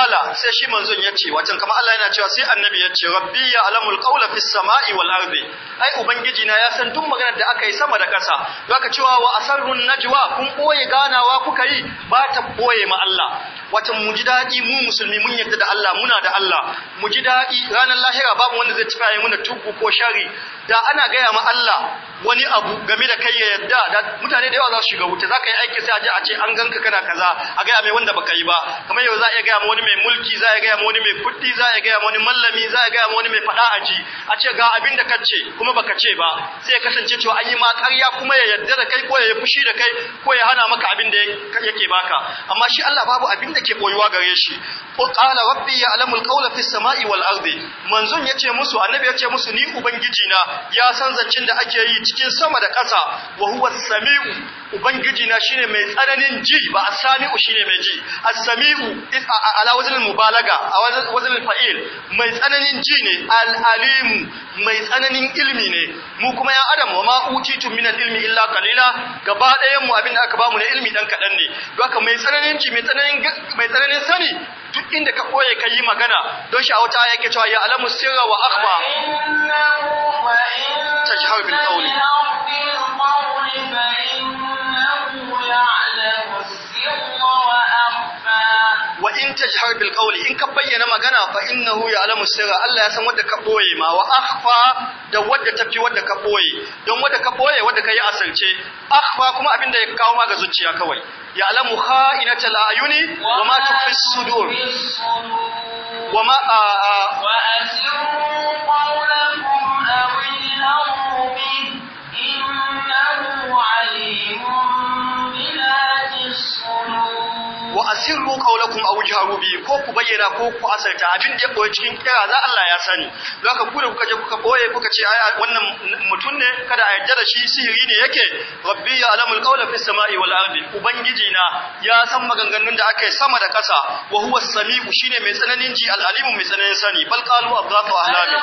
qala sai shi manzon ya ce watan kamar Allah yana cewa sai annabi ya ce rabbi ya alamul qawla fis sama'i wal ardi ai ubangiji na ya san duk maganar da aka yi sama da kasa zaka cewa wa asarrun najwa kun boye ganawa kuka yi ba ta boye ma Allah watan mu ji dadi mu musulmi mun yarda da Allah muna da Allah mu ji dadi ranar lahira babu wanda zai tafi muna tubu ko shari da ana gaya ma Allah wani abu game da kai ya yadda da mutane da yawa za su shiga wuta za ka yi aiki sai a je a ce an ganka kana kaza a gaya mai wanda baka yi ba kamar yau za a gaya ma wani mai mulki za a gaya ma wani mai kuɗi za a gaya ma wani mallami za a gaya ma wani mai faɗa a ji a ce ga abin da kace kuma baka ce ba sai ya kasance cewa an yi ma ƙarya kuma ya yadda da kai ko ya fushi da kai ko ya hana maka abin da yake baka amma shi Allah babu abin da ke koyuwa gare shi ko qala rabbi ya'lamu qawla fis samai wal ardi manzon yace musu annabi yace musu ni ubangiji na ya san zancin da ake yi cikin sama da ƙasa wa huwa samiu ubangiji na shine mai tsananin ji ba as-sami'u shine mai ji as-sami'u ala wazn mubalaga a wazn fa'il mai tsananin ji ne al-alim mai tsananin ilmi ne mu kuma ya adam wa ma utitu min al-ilmi illa qalila gaba ɗayan mu abin da aka bamu na ilmi dan kadan ne haka mai tsananin ji mai tsananin mai tsananin sani duk inda ka koye ka yi magana don shi a wata yake cewa ya alamu sirra wa akhfa tajhar bil qawli in tajhar bil qawli in ka bayyana magana fa innahu ya'lamu sirra Allah ya san wanda ka boye ma wa akhfa da wanda tafi wanda ka boye don wanda ka boye wanda kai asirce akhfa kuma abin da ya kawo ma ga zuciya kawai ya'lamu kha'inatal ayuni wa ma tukhfi sudur wa ma wa asirru wa asirru qawlakum aw jahru bi ko ku bayyana ko ku asalta abin da ya koyi cikin kira za Allah ya sani don ka ku da kuka je kuka boye kuka ce ai wannan mutum ne kada a yarda da shi sihiri ne yake rabbi alamul qawla fi sama'i wal ardi ubangiji na ya san maganganun da aka yi sama da kasa wa huwa samiu shine mai tsananin ji al alimu mai tsananin sani bal qalu abghatu ahlamin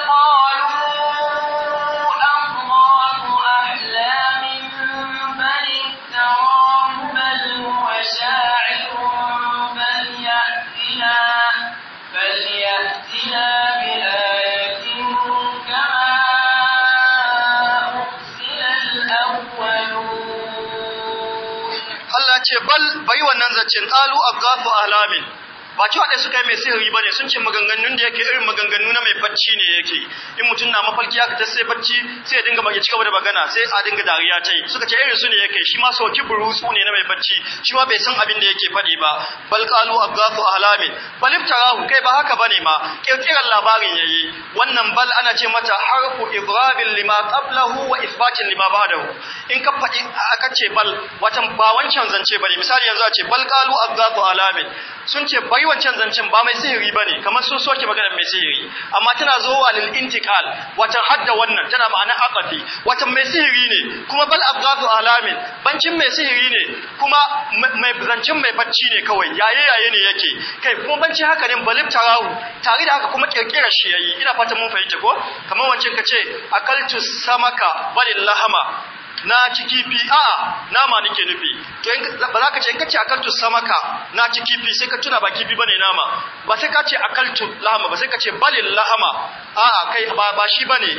bai wannan zancen qalu abdafu ahlamin ba ce dai suka yi mai sihiri ba ne. sun ce maganganun da yake irin maganganu na mai bacci ne yake in mutum na mafarki aka ta sai bacci sai ya dinga baki cigaba da magana sai a dinga dariya ta yi suka ce irin su ne yake shi ma soki burusu ne na mai bacci shi bai san abin da yake faɗi ba bal a abghathu ahlamin bal iftarahu kai ba haka ba ne ma kirkirar labarin ya yi. wannan bal ana ce mata harfu Ibrahim lima qablahu wa ithbatin lima ba'dahu in ka faɗi aka ce bal watan ba wancan zance ne misali yanzu a ce bal qalu a halamin sun ce bai yi wancan zancen ba mai sihiri ba ne kamar sun soke magana mai sihiri amma tana zo lil lil'intikal, wata hadda wannan tana ma'ana aqafi wata mai sihiri ne kuma bal abgazu alamin bancin mai sihiri ne kuma mai zancen mai bacci ne kawai yaye yaye ne yake kai kuma banci haka ne balib tarahu tare da haka kuma kirkira shi yayi ina fatan mun fahimta ko kamar wancan kace akaltu samaka balil lahama na ci kifi a nama nake nufi To ba za ka ce in ka ce akaltu samaka na ci kifi sai ka tuna ba kifi bane nama ba sai ka ce akaltu lahama ba sai ka ce balil lahama a kai ba ba shi bane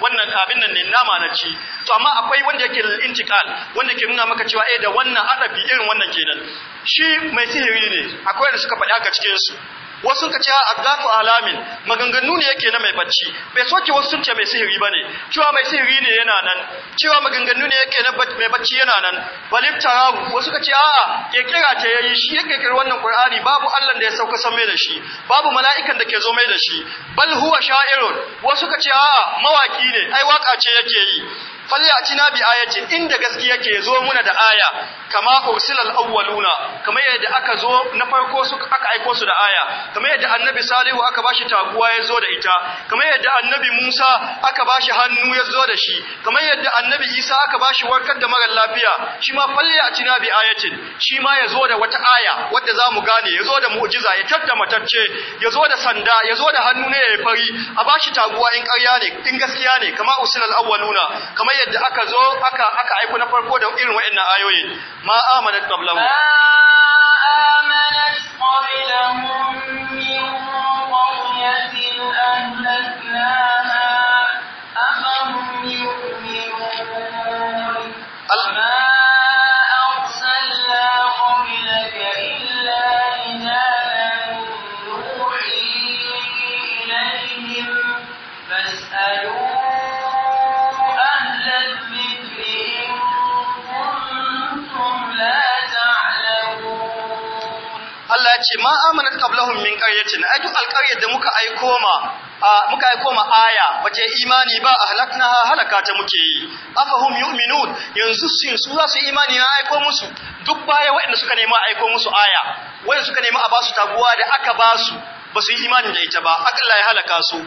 wannan abin nan ne nama na ci to amma akwai wanda yake intiqal wanda ke nuna maka cewa eh da wannan adabi irin wannan kenan shi mai sihiri ne akwai wanda suka faɗi haka cikin su wasu sun ce adlaku alamin maganganu ne yake na mai bacci bai soke wasu sun ce mai sihiri bane cewa mai sihiri ne yana nan cewa maganganu ne yake na mai bacci yana nan balif tarahu wasu suka ce a kekira ce yayi shi yake kirkir wannan qur'ani babu Allah da ya sauka san mai da shi babu mala'ikan da ke zo mai da shi bal huwa sha'irun wasu suka ce a'a mawaki ne ai waka ce yake yi falyatina bi ayatin inda gaskiya ke zo muna da aya kama ursilal awwaluna kama yadda aka zo na farko su aka aiko su da aya kama yadda annabi salihu aka bashi taguwa yazo da ita kama yadda annabi musa aka bashi hannu yazo da shi kama yadda annabi isa aka bashi warkar da mara lafiya shi ma falyatina bi ayatin shi ma ya da wata aya wadda za mu gane ya da mu'jiza ya tadda matacce ya da sanda yazo da hannu ne ya fari a bashi taguwa in ƙarya ne in gaskiya ne kama ursilal awwaluna kama ayar da aka zo aka aka aiko na farko da irin wa'annan ayoyi ma amanat qablahu ma amanat qablahu ce ma amanat qablahum min qaryatin ai duk alƙaryar da muka aiko ma muka aiko ma aya bace imani ba ahlaknaha halaka ta muke yi afahum yu'minun yanzu shin su za su imani na aiko musu duk baya waɗanda suka nema aiko musu aya waɗanda suka nema a basu taguwa da aka basu ba su yi imani da ita ba Allah ya halaka su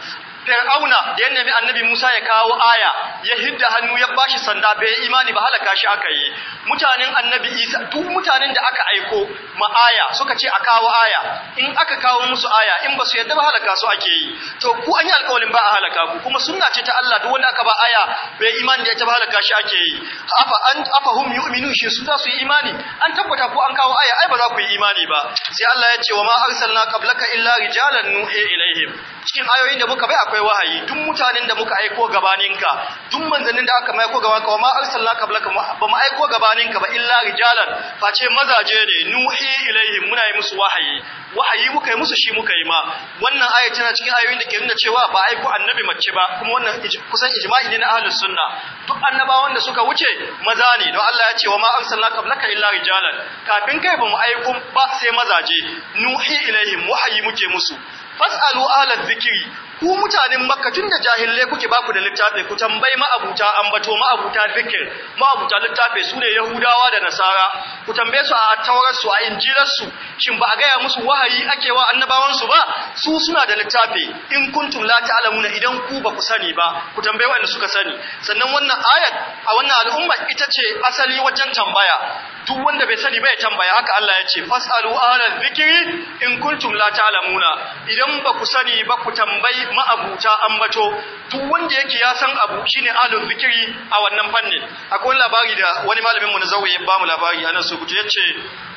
Fir'auna ya nemi annabi Musa ya kawo aya ya hidda hannu ya bashi sanda bai imani ba halaka shi aka yi mutanen annabi Isa duk mutanen da aka aiko ma aya suka ce a kawo aya in aka kawo musu aya in ba su yadda ba halaka su ake yi to ku an yi alƙawarin ba a halaka ku kuma sunna ce ta Allah duk wanda aka ba aya bai imani da ita ba halaka shi ake yi afa an afa hum yu'minu shi su za su yi imani an tabbata ku an kawo aya ai ba za ku yi imani ba sai Allah ya ce wa ma arsalna qablaka illa rijalan nuhi ilaihim cikin ayoyin da muka bai akwai akwai wahayi duk mutanen da muka aiko gabaninka duk manzannin da aka maiko gabaninka wa ma arsalna ka ba mu aiko gabaninka ba illa rijalan face mazaje ne nuhi ilaihim muna yi musu wahayi wahayi muka yi musu shi muka yi ma wannan aya tana cikin ayoyin da ke nuna cewa ba aiko annabi mace ba kuma wannan kusan ijma'i ne na ahlus sunna duk annabawan da suka wuce maza ne don Allah ya ce wa ma arsalna ka illa rijalan kafin kai ba mu aiko ba sai mazaje nuhi ilaihim wahayi muke musu fasalu ahlaz zikri ku mutanen makka tun da jahilai kuke baku da littafi ku tambayi ma'abuta ambato ma'abuta zikir ma'abuta littafi su ne yahudawa da nasara ku tambaye su a taurar a injilar su shin ba a gaya musu wahayi ake wa annabawan su ba su suna da littafi in kuntum la ta'lamuna idan ku ba ku sani ba ku tambaye wanda suka sani sannan wannan ayat a wannan al'umma ita ce asali wajen tambaya duk wanda bai sani ba ya tambaya haka Allah ya ce fasalu ala zikiri in kuntum la ta'lamuna idan ba ku sani ba ku tambayi ma'abuta ambato duk wanda yake ya san abu shine alu zikiri a wannan fannin akwai labari da wani malamin mu na zawo ya ba mu labari anan su kuce yace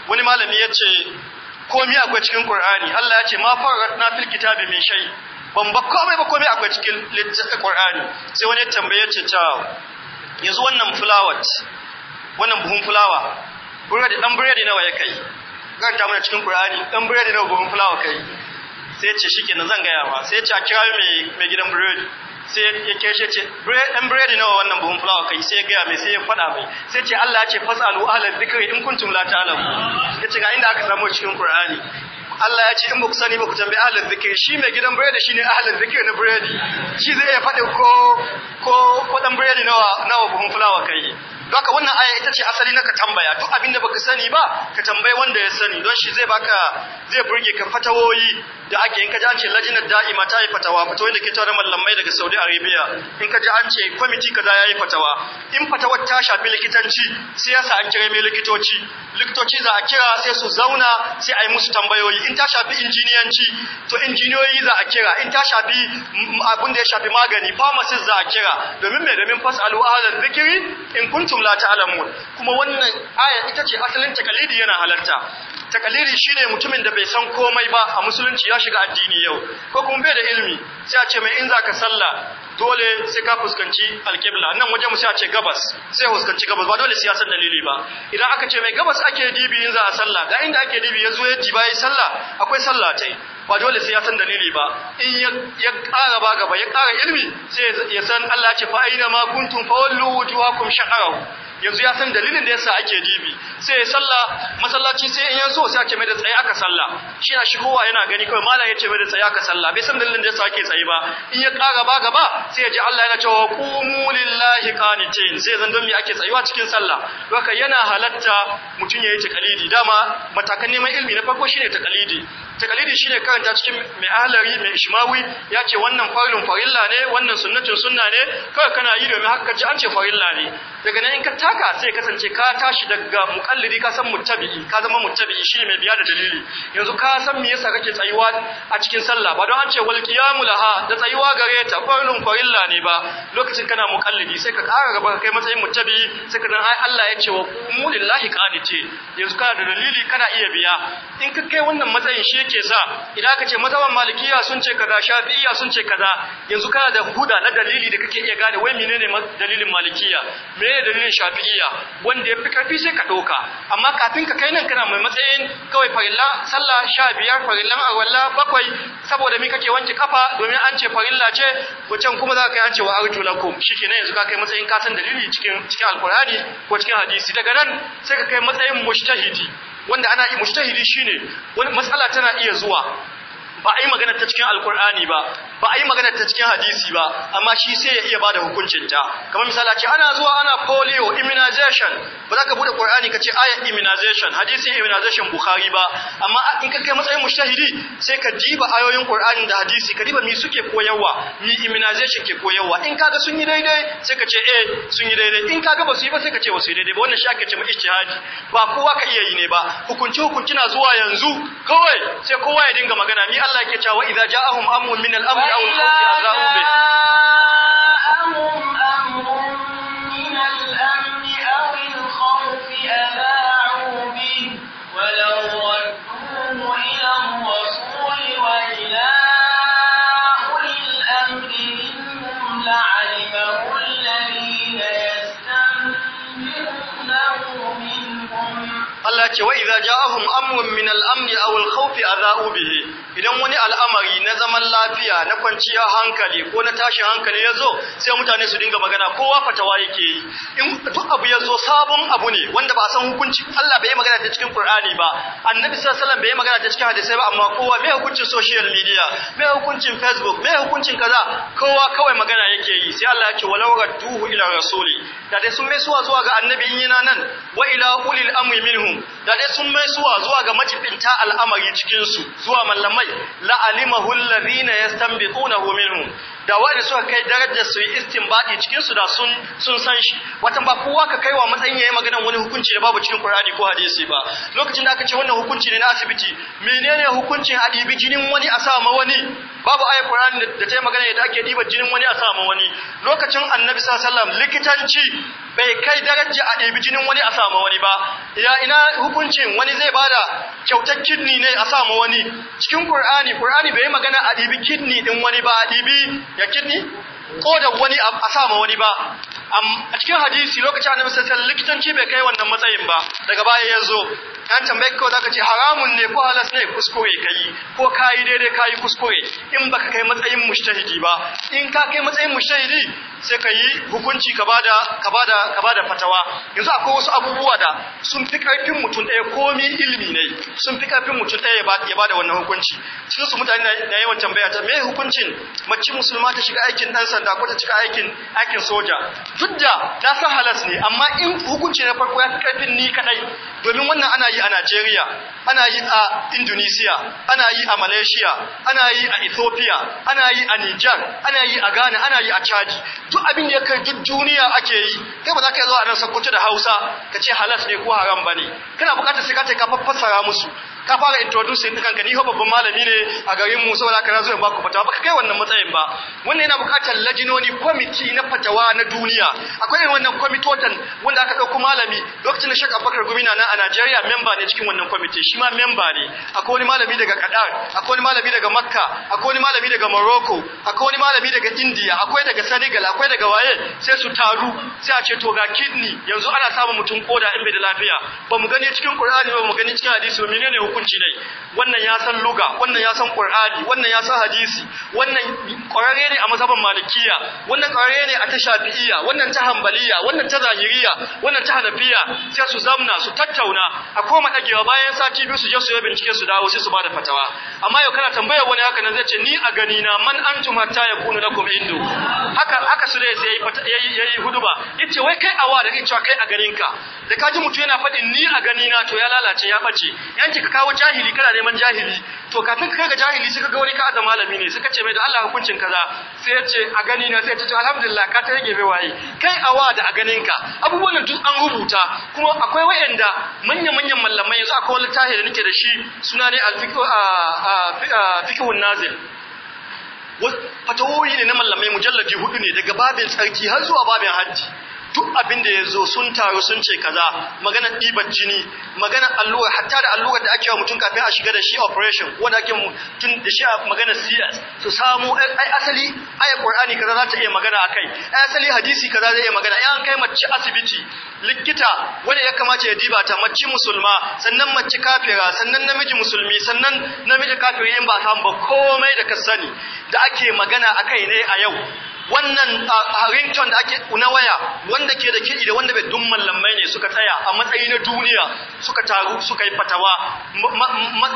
wani malami yace komai akwai cikin Qur'ani Allah ya ce ma faratna fil kitabi min shay ban ba komai ba komai akwai cikin littafin Qur'ani sai wani tambaye ce ta yanzu wannan fulawat wannan buhun fulawa buredi dan buredi nawa ya kai ta mana cikin Qur'ani dan buredi nawa buhun fulawa kai sai ce shikenan zan gaya ba sai ce a kira mai mai gidan buredi sai ya keshe ce dan buredi nawa wannan buhun fulawa kai sai ya gaya mai sai ya faɗa mai sai ce Allah ya ce fasalu ahlal dhikri in kuntum la ta'lamun yace ga inda aka samu cikin Qur'ani Allah ya ce in ba ku sani ba ku tambayi ahlul zikir shi mai gidan biredi shine ahlul zikir na biredi shi zai iya faɗi ko ko ko dan biredi nawa nawa buhun fulawa kai Doka wannan aya ita ce asali na ka tambaya duk abin da baka sani ba ka tambayi wanda ya sani don shi zai baka zai burge ka fatawoyi da ake in ka ji an ce lajinar da'ima ta yi fatawa fatawoyi da ke tare mallamai daga Saudi Arabia in ka ji an ce kwamiti kaza ya yi fatawa in fatawar ta shafi likitanci siyasa an kira mai likitoci likitoci za a kira sai su zauna sai a yi musu tambayoyi in ta shafi injiniyanci to injiniyoyi za a kira in ta shafi abin da ya shafi magani pharmacist za a kira domin mai domin fasalu alal zikiri in kuntu. kuntum la ta'lamun kuma wannan aya ita ce asalin takalidi yana halarta takalidi shine mutumin da bai san komai ba a musulunci ya shiga addini yau ko kuma bai da ilimi sai a ce mai in zaka sallah dole sai ka fuskanci alqibla nan waje mu sai a ce gabas sai fuskanci gabas ba dole sai ya san dalili ba idan aka ce mai gabas ake dibi in za a sallah ga inda ake dibi yazo ya ji yi sallah akwai sallah tai ba dole sai ya san dalili ba in ya ƙara ba gaba ya ƙara ilmi sai ya san Allah ce fa aina ma kuntum fawallu wujuhakum sha'arahu yanzu ya san dalilin da yasa ake dibi sai ya salla masallaci sai in yanzu sai ake mai da tsaye aka salla shi na shigowa yana gani kawai malam yace mai da tsaye aka salla bai san dalilin da yasa ake tsaye ba in ya ƙara ba gaba sai ya ji Allah yana cewa qumu lillahi qanitin sai zan don me ake tsayuwa cikin sallah haka yana halatta mutun yi taqalidi dama matakan neman ilimi na farko shine taqalidi taqalidi shine karanta cikin mai ahlari mai ishmawi yace wannan farilun farilla ne wannan sunnatun sunna ne kawai kana yi domin haka ji an ce farilla ne daga nan in ka haka sai kasance ka tashi daga mukallidi ka san muttabi'i ka zama muttabi'i shine mai biya da dalili yanzu ka san me yasa kake tsayuwa a cikin sallah ba don an ce wal qiyamu laha da tsayuwa gare ta farlun farilla ne ba lokacin kana mukallidi sai ka kara gaba kai matsayin muttabi'i sai ka dan ai Allah ya ce wa qumu lillahi qanite yanzu kana da dalili kana iya biya in ka kai wannan matsayin shi yake sa idan ka ce mazhaban malikiya sun ce kaza shafi'iyya sun ce kaza yanzu kana da huda na dalili da kake iya gane wai menene dalilin malikiya me dalilin shafi'iyya iya wanda ya fi karfi sai ka ɗauka amma kafin ka kai nan kana mai matsayin kawai farilla sallah sha biyar farillan arwalla bakwai saboda mi kake wanke kafa domin an ce farilla ce wacan kuma za ka kai an ce wa arju lakum nan yanzu ka kai matsayin kasan dalili cikin cikin alkurani ko cikin hadisi daga nan sai ka kai matsayin mujtahidi wanda ana mujtahidi shine wani matsala tana iya zuwa ba a yi magana ta cikin alkur'ani ba ba a yi magana ta cikin hadisi ba amma shi sai ya iya bada hukuncin ta kamar misali ce ana zuwa ana polio immunization ba za ka bude qur'ani ka ce ayat immunization hadisin immunization bukhari ba amma in ka kai matsayin mushtahidi sai ka diba ayoyin qur'ani da hadisi ka diba mi suke koyarwa mi immunization ke koyarwa in kaga sun yi daidai sai ka ce eh sun yi daidai in kaga ba su yi ba sai ka ce ba su yi daidai ba wannan shi ake ce ma ijtihadi ba kowa ka iya yi ne ba hukunci hukunci na zuwa yanzu kawai sai kowa ya dinga magana ni Allah yake cewa idza ja'ahum amrun min al-amr الحزن أو الخوف أذاعوا به ce wa idza ja'ahum amrun min al amni aw al-khawfi adha'u bihi idan wani al'amari na zaman lafiya na kwanciya hankali ko na tashin hankali ya zo sai mutane su dinga magana kowa fatawa yake yi in duk abu yazo sabon abu ne wanda ba a san hukunci Allah bai magana ta cikin Qur'ani ba Annabi sallallahu alaihi wasallam bai magana ta cikin hadisai ba amma kowa bai hukuncin social media bai hukuncin Facebook bai hukuncin kaza kowa kawai magana yake yi sai Allah ya ce walau radduhu ila rasuli da dai sun mai suwa zuwa ga annabi yana nan wa ila ulil amri minhum da dai sun mai suwa zuwa ga majibin ta al'amari cikinsu zuwa mallamai la'alimahu alladhina yastanbitunahu minhum da waɗanda suka kai darajar su yi istinbadi cikin su da sun sun san shi watan ba kowa ka kaiwa matsayin yayi magana wani hukunci da babu cikin Qur'ani ko hadisi ba lokacin da aka ce wannan hukunci ne na asibiti menene hukuncin a dibi jinin wani a sama wani babu ayat Qur'ani da ta yi magana yadda ake diba jinin wani a sama wani lokacin Annabi sallallahu alaihi wasallam likitanci bai kai daraja a dibi jinin wani a sama wani ba ya ina hukuncin wani zai bada kyautar kidney ne a sama wani cikin Qur'ani Qur'ani bai magana a dibi kidney din wani ba a dibi ya ko da wani a sama wani ba a cikin hadisi lokacin annabi sallallahu alaihi likitanci bai kai wannan matsayin ba daga baya ya zo ya tambaye ka zaka ce haramun ne ko halas ne kuskure kai ko kai daidai kai kuskure in baka kai matsayin mushtahidi ba in ka kai matsayin mushtahidi sai ka yi hukunci ka ba da fatawa yanzu akwai wasu abubuwa da sun fi karfin mutum ɗaya komi ilimi ne sun fi karfin mutum ɗaya ya ba da wannan hukunci cikin su mutane na yawan tambaya ta mai hukuncin mace musulma ta shiga aikin ɗan sanda ko ta shiga aikin aikin soja duk da na san halas ne amma in hukunci na farko ya fi karfin ni kaɗai. domin wannan ana yi a Najeriya ana yi a Indonesia ana yi a Malaysia ana yi a Ethiopia ana yi a Niger ana yi a Ghana ana yi a Chad duk abin da ya kai duk duniya ake yi kai ba za ka zuwa a nan sakkwato da hausa ka ce halas ne ko haram ba ne kana bukatar sai ka ce ka fassara musu ka fara introducing din kanka ni ho babban malami ne a garin mu saboda ka zo in baku fatawa ba ka kai wannan matsayin ba wannan yana bukatar lajinoni kwamiti na fatawa na duniya akwai irin wannan kwamitotan wanda aka dauko malami lokacin da Sheikh Abubakar Gumina na a Najeriya member ne cikin wannan kwamiti shi ma member ne akwai wani malami daga Qatar akwai wani malami daga Makka akwai wani malami daga Morocco akwai wani malami daga India akwai daga Senegal akwai daga waye sai su taru sai a ce to ga kidney yanzu ana samun mutum koda in bai da lafiya ba mu gani cikin Qur'ani ba mu gani cikin hadisi ba menene hukunci hukunci ne wannan ya san luga wannan ya san qur'ani wannan ya san hadisi wannan qurare ne a mazhaban malikiya wannan qurare ne a ta shafi'iyya wannan ta hanbaliya wannan ta zahiriya wannan ta hanafiya sai su zamna su tattauna a koma dagewa bayan sati biyu su je su yi bincike su dawo sai su bada fatawa amma yau kana tambayar wani haka nan zai ce ni a gani na man antum hatta yakunu lakum indu haka haka su dai sai yayi yayi huduba yace wai kai awa da kai cewa kai a ganinka da kaji mutu yana faɗin ni a gani na to ya lalace ya bace yanki ka kawo jahili kana neman jahili to kafin ka ga jahili suka ga wani ka da malami ne suka ce mai da Allah hukuncin kaza sai ya ce a gani na sai ya ce alhamdulillah ka ta yage waye kai awa da a ganin ka abubuwan nan duk an rubuta kuma akwai wayanda manyan manyan mallamai yanzu akwai wani da nake da shi suna ne a fikihun fiqhun nazil fatawoyi ne na mallamai mujalladi hudu ne daga babin tsarki har zuwa babin hajji duk abin da ya zo sun taru sun ce kaza maganar ɗibar jini maganar allura hatta da allura da ake wa mutum kafin a shiga da shi operation wanda ake mutum da shi maganar cs su samu eh, ai asali ai qur'ani kaza za ta iya magana akai ai asali hadisi kaza zai iya magana in an kai mace asibiti likita wanda ya kamace ya diba ta mace musulma sannan mace kafira sannan namiji musulmi sannan namiji kafira in ba samu ba komai da ka sani da ake magana akai ne a yau wannan rington da ake na waya wanda ke da kiɗi da wanda bai dun mallamai ne suka tsaya a matsayi na duniya suka taru suka yi fatawa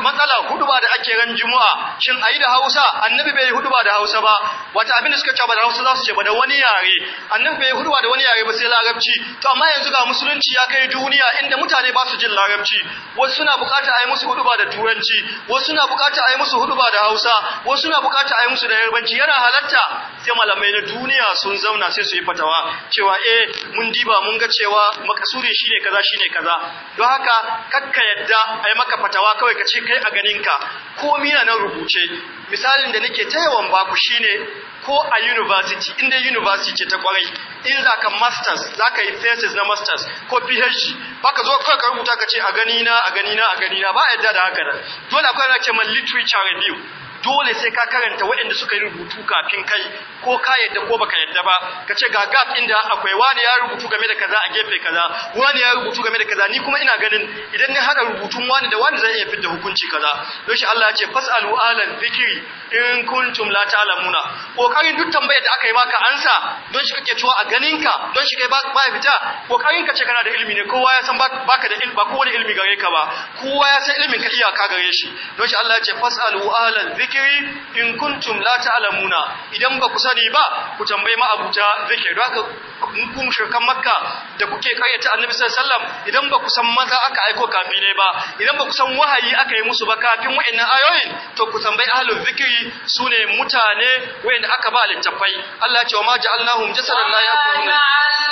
matsala huduba da ake ran juma'a shin ayi da Hausa annabi bai huduba da Hausa ba wata abin da suka ce ba da Hausa za su ce ba da wani yare annabi bai huduba da wani yare ba sai larabci to amma yanzu ga musulunci ya kai duniya inda mutane ba su jin larabci wasu suna bukata yi musu huduba da turanci wasu suna bukata yi musu huduba da Hausa wasu suna bukata a yi musu da yarbanci yana halarta. sai malamai na duniya sun zauna sai su yi fatawa cewa eh mun diba mun ga cewa makasuri shine kaza shine kaza don haka kakka yadda ai maka fatawa kawai ka ce kai a ganinka komai na rubuce misalin da nake ta yawan baku shine ko a university inda university ce ta kwarai in za ka masters za ka yi thesis na masters ko phd ba zo kawai ka rubuta ka ce a gani a gani a gani na ba yadda da haka dole akwai na ce man literature review dole sai ka karanta waɗanda suka yi rubutu kafin kai ko ka yadda ko baka yadda ba ka ce ga gap inda akwai wani ya rubutu game da kaza a gefe kaza wani ya rubutu game da kaza ni kuma ina ganin idan ni hada rubutun wani da wani zai iya fitta hukunci kaza don shi Allah ya ce fasalu alal fikri in kuntum la ta'lamuna kokarin duk tambayar da aka yi maka ansa don shi kake cewa a ganinka don shi kai ba ya fita kokarin ka ce kana da ilimi ne kowa ya san baka da ilimi ba kowa da ilimi gare ka ba kowa ya san ilimin ka iyaka gare shi don shi Allah ya ce fasalu alal fikri zikiri in kuntum la ta'lamuna idan ba ku sani ba ku tambayi ma abuta zikiri haka kun shirkan makka da kuke kayyata annabi sallallahu alaihi idan ba ku san maza aka aiko kafin ne ba idan ba ku san wahayi aka yi musu ba kafin wa'annan ayoyin to ku tambayi ahlul zikiri sune mutane wayanda aka ba littafai Allah ya ce wa ma ja'alnahum jasadan la yaqulun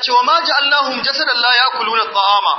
ce wa ma ja'alnahum ya la ya'kuluna at'ama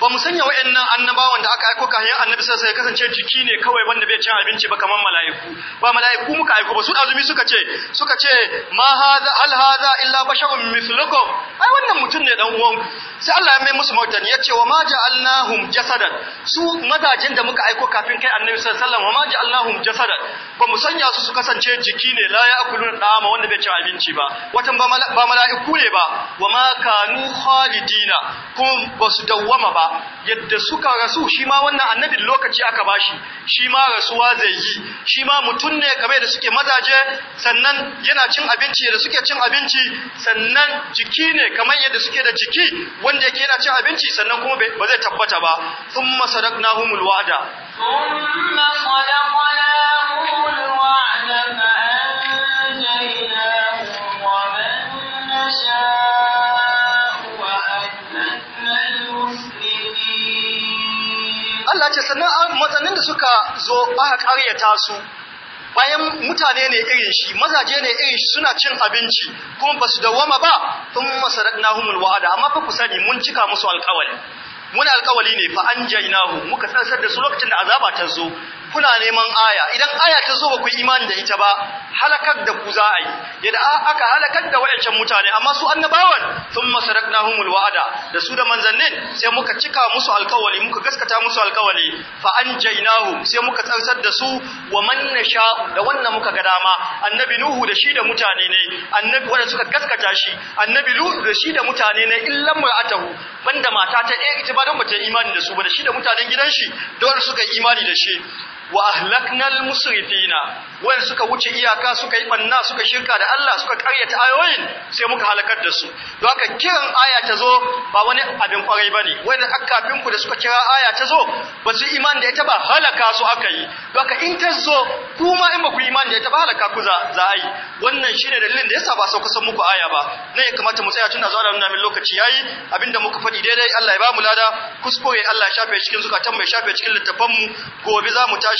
ba mu sanya wayannan annabawan da aka aiko kafin annabi sai ya kasance jiki ne kawai wanda bai cin abinci ba kamar mala'iku ba mala'iku muka aiko ba su azumi suka ce suka ce ma hadha hal hadha illa basharun mislukum ai wannan mutum ne dan uwan sai Allah ya mai musu martani ya ce wa ma ja'alnahum jasadan su madajin da muka aiko kafin kai annabi sallallahu alaihi wasallam wa ma ja'alnahum jasadan ba mu sanya su su kasance jiki ne la ya'kuluna dama wanda bai cin abinci ba watan ba mala'iku ne ba wa ma kanu khalidina kuma ba su dawwama ba yadda suka rasu shi ma wannan annabin lokaci aka bashi shi ma rasuwa zai yi shi ma mutum ne kamar da suke mazaje sannan yana cin abinci yadda suke cin abinci sannan jiki ne kamar yadda suke da jiki wanda yake yana cin abinci sannan kuma ba zai tabbata ba thumma sadaqnahumul wa'da thumma sadaqnahumul wa'da fa anjayna ce sannan mazanin da suka zo aka ƙaryata su bayan mutane ne irin shi mazaje ne irin shi suna cin abinci kuma ba su dawama ba tun masaradnahumul wa'ada amma fa ku sani mun cika musu alƙawari mun alƙawari ne fa anjaynahu muka tsarsar da su lokacin da azaba ta zo kuna neman aya idan aya ta zo ba ku imani da ita ba halakar da ku za a yi yadda aka halakar da wayancan mutane amma su annabawan sun masaraknahumul wa'ada da su da manzannin sai muka cika musu alkawali muka gaskata musu alkawali fa anjaynahu sai muka tsarsar da su wa man nasha da wannan muka ga dama annabi nuhu da shi da mutane ne annabi wanda suka gaskata shi annabi lu da shi da mutane ne illan mu'atahu banda mata ta ɗaya ita ba don bata imani da su ba da shi da mutanen gidan shi da suka suka imani da shi wa ahlaknal musrifina wanda suka wuce iyaka suka yi banna suka shirka da Allah suka karyata ayoyin sai muka halakar da su don haka kiran aya ta zo ba wani abin kwarai bane wanda akafin ku da suka kira aya ta zo ba su iman da ita ba halaka su aka yi don haka in ta zo kuma in ba ku iman da ita ba halaka ku za za a yi wannan shine dalilin da yasa ba sauka san muku aya ba ne ya kamata mu tsaya tun da zuwa da min lokaci yayi abinda muka faɗi daidai Allah ya ba mu lada kuskure Allah ya shafe cikin zukatan mai shafe cikin littafan mu gobe za mu tashi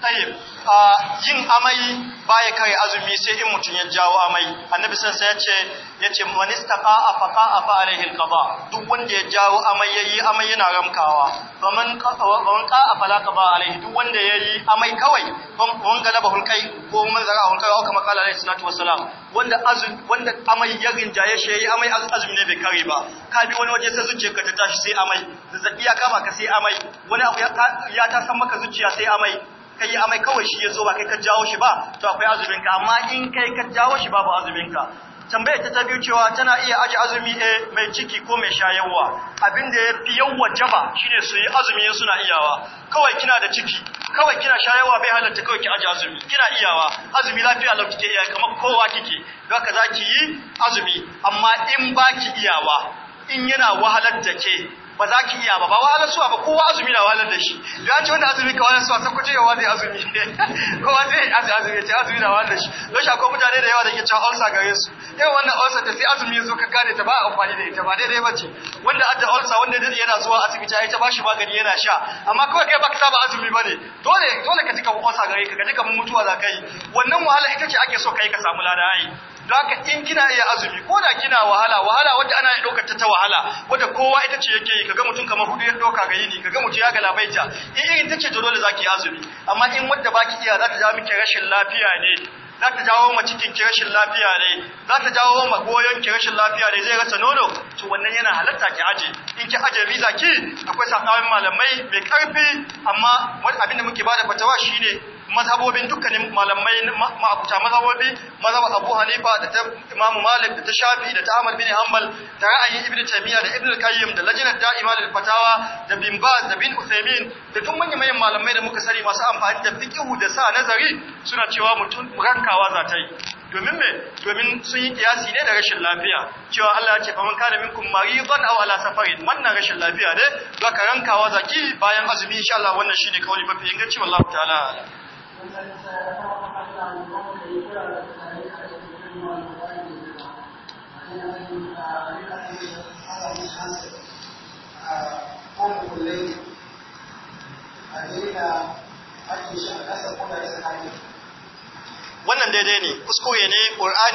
tayyib yin amai baya kai azumi sai in mutum ya jawo amai annabi san ya ce yace ce man istaqa'a fa alaihi alqada duk wanda ya jawo amai yayi amai yana ramkawa faman qa'a qa afala qaba alaihi duk wanda yayi amai kawai wan galaba hulkai ko man zara hulkai ko kuma alaihi salatu wassalam wanda azumi wanda amai ya rinjaye shi yayi amai azumi ne bai kare ba ka bi wani waje sai zuciyarka ta tashi sai amai zazzabi ya kama ka sai amai wani abu ya ta san maka zuciya sai amai kai amai kawai shi ya zo ba kai ka jawo shi ba to akwai azumin ka amma in kai ka jawo shi babu azumin ka tambayar ta biyu cewa tana iya aji azumi a eh, mai ciki ko mai shayarwa abin da ya fi yawa jaba shine su yi azumi suna iyawa kawai kina da ciki kawai kina shayarwa bai halatta kawai ki aji azumi kina iyawa azumi lafiya lau kike iya kamar kowa kike don haka za ki yi azumi amma in ba ki iyawa in yana wahalar da ke ba za ki iya ba ba wa suwa ba kowa azumi na walar da shi da ce wanda azumi ka walar suwa sai ku yawa zai azumi kowa zai azumi azumi ce azumi na da shi don shi akwai mutane da yawa da ke cewa olsa gare su yau wannan olsa ta sai azumi ya zo ka gane ta ba a amfani da ita ba daidai ba ce wanda adda olsa wanda yana zuwa asibiti a ita ba shi magani yana sha amma kawai kai baka saba azumi ne. dole dole ka ji kamar olsa gare ka ka kamar mutuwa za ka yi wannan wahala ita ce ake so ka yi ka samu lada ai don in kina iya azumi ko da kina wahala wahala wacce ana yi dokar ta wahala wadda kowa ita ce yake yi kaga mutum kamar hudu ya ɗauka ga yini kaga mutum ya labaita in irin ta ce to dole zaki azumi amma in wanda baki iya za ta ja miki rashin lafiya ne za ta jawo ma cikin ki rashin lafiya ne za ta jawo ma goyon ki rashin lafiya ne zai rasa nono to wannan yana halatta ki aje in ki aje visa ki akwai sakawin malamai mai karfi amma wani da muke bada fatawa shine mazhabobin dukkanin malamai ma'abuta mazhabobi mazhabar Abu Hanifa da ta Imam Malik da ta Shafi da ta Ahmad bin Hanbal da ra'ayin Ibn Taymiyyah da Ibn Qayyim da Lajnat Da'ima lil Fatawa da Bin Baz da Bin Uthaymeen da tun manyan manyan malamai da muka sani masu amfani da fiqhu da sa nazari suna cewa mutum rankawa za ta yi domin me domin sun yi kiyasi ne da rashin lafiya cewa Allah ya ce fa man kana minkum maridan aw ala safarin wannan rashin lafiya ne zaka rankawa zaki bayan azumi insha Allah wannan shine kauli mafi inganci wallahi ta'ala wannan daidai ne kuskure ne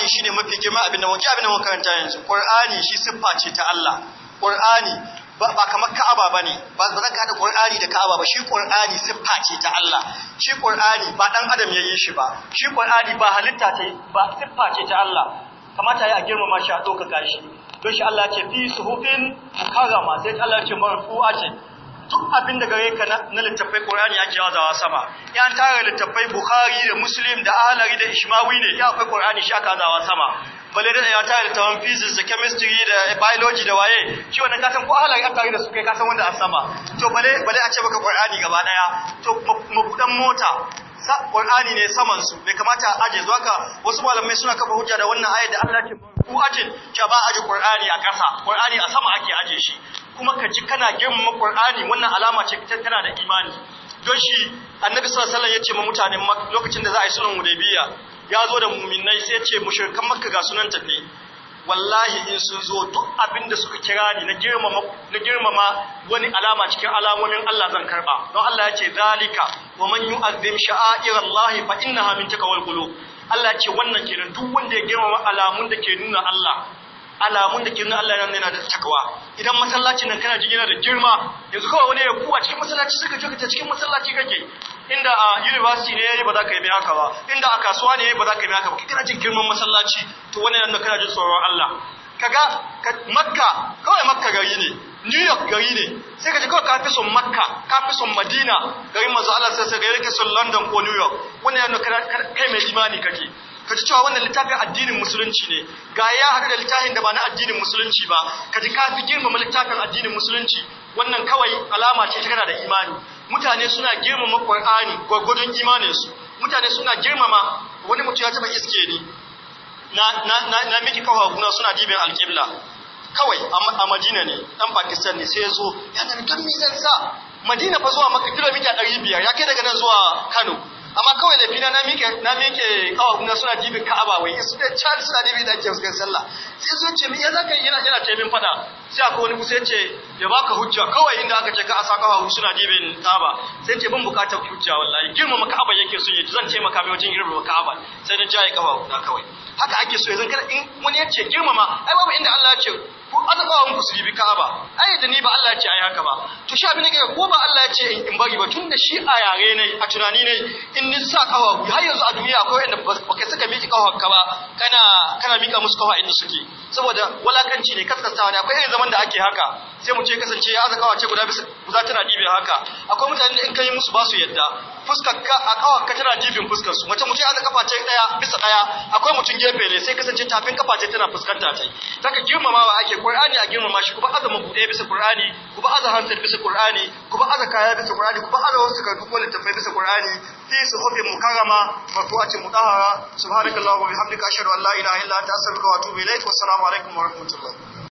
shi ne mafi girma abin da muke abin da muka yanzu ƙur'ani shi siffa ce ta Allah Ƙur'ani. ba kamar ka'aba ba ne ba za ka da ƙur'ani da ka'aba ba shi ƙur'ani siffa ce ta Allah shi Qur'ani ba dan adam ya yi shi ba shi Qur'ani ba halitta ta ba siffa ce ta Allah kamata ya girmama shi a doka gashi, don shi Allah ce fi suhufin karama sai Allah ce marfu'a ce duk abin da gare ka na littafai Qur'ani ake zawa sama ya an tara littafai Bukhari da Muslim da Ahlari da Ishmawi ne ya akwai Qur'ani shi aka zawa sama balle da ya tara littafan physics da chemistry da biology da waye shi wannan ka san ko Ahlari aka da su kai ka san wanda a sama to balle balle a ce baka Qur'ani gaba daya to mabudan mota Qur'ani ne saman su bai kamata a aje zuwa ka wasu malamai suna kafa hujja da wannan ayat da Allah ke ku aje ki ba aje Qur'ani a ƙasa Qur'ani a sama ake aje shi kuma ka ji kana girmama Qur'ani wannan alama ce ta tana da imani don shi annabi sallallahu alaihi wasallam ya ce ma lokacin da za a yi sunan Hudaybiya ya zo da muminai sai ya ce mushrikan Makka ga sunan ne. wallahi in sun zo duk abin da suka kira ni na girmama na girmama wani alama cikin alamomin Allah zan karba don Allah ya ce zalika wa man yu'azzim sha'airallahi fa innaha min taqwal qulub Allah ya ce wannan kenan duk wanda ya girmama alamun da ke nuna Allah alamun da kirin Allah ya yana da takwa idan masallacin nan kana jin da girma yanzu kawai wani ya kuwa cikin masallaci suka ce kace cikin masallaci kake inda a university ne yayi ba za ka yi mai haka ba inda a kasuwa ne yayi ba za ka yi mai haka ba kana jin girman masallaci to wani yana kana jin tsoron Allah kaga makka kawai makka gari ne New York gari ne sai ka ji kawai kafi son Makka kafi son Madina garin manzo Allah sai sai gari ke son London ko New York wannan yana kai mai imani kake ka ji cewa wannan littafin addinin musulunci ne ga ya haɗu da littafin da ba na addinin musulunci ba ka ji ka girmama littafin addinin musulunci wannan kawai alama ce tana da imani mutane suna girmama Qur'ani gwargwadon imaninsu mutane suna girmama wani mutum ya taɓa iske ni na na na, na miki kawai suna dibin alƙibla kawai a Madina ne ɗan Pakistan ne sai ya zo ya tafi kan sa Madina fa zuwa maka kilomita 500 ya kai daga nan zuwa Kano amma kawai da fina na mike na na suna dibi Ka'aba wai su da can suna dibi da ke suka sallah sai su ce ya zaka yana yana ta fada sai aka wani kusa ce ya baka hujja kawai inda aka ce ka asa kafa suna dibin Ka'aba sai ce ban bukatar hujja wallahi girmama Ka'aba yake so yaji zan ce maka mai wajen girmama Ka'aba sai na jaye kafa na kawai haka ake so yanzu kada in wani yace girmama ai babu inda Allah ya ce aka ba muku su bibi Ka'aba ai da ni ba Allah ya ce ai haka ba to shi abin da kake ko ba Allah ya ce in bari ba tunda shi a yare ne a tunani ne in ni sa kawa har yanzu a duniya akwai wanda ba kai suka miki kawa ka ba kana kana mika musu kawa inda suke saboda walakanci ne kaskantawa ne akwai irin zaman da ake haka sai mu ce kasance ya aza kawa ce guda bisa guda tana dibe haka akwai mutane da in kai musu ba su yadda fuskar ka a kawar ka tana jibin fuskar su mace mutum ya kafa ce daya bisa daya akwai mutum gefe ne sai kasance tafin kafa ce tana fuskanta ta zaka girmamawa ake Qur'ani a girmama shi kuma azama ku bude bisa Qur'ani kuma aza hantar bisa Qur'ani kuma aza kaya bisa Qur'ani kuma aza wasu ka duk wani tafai bisa Qur'ani fi su suhufin mukarrama marfu'atin mudahara subhanakallahu wa bihamdika ashhadu an la ilaha illa anta astaghfiruka wa atubu ilaik wa assalamu alaikum wa rahmatullah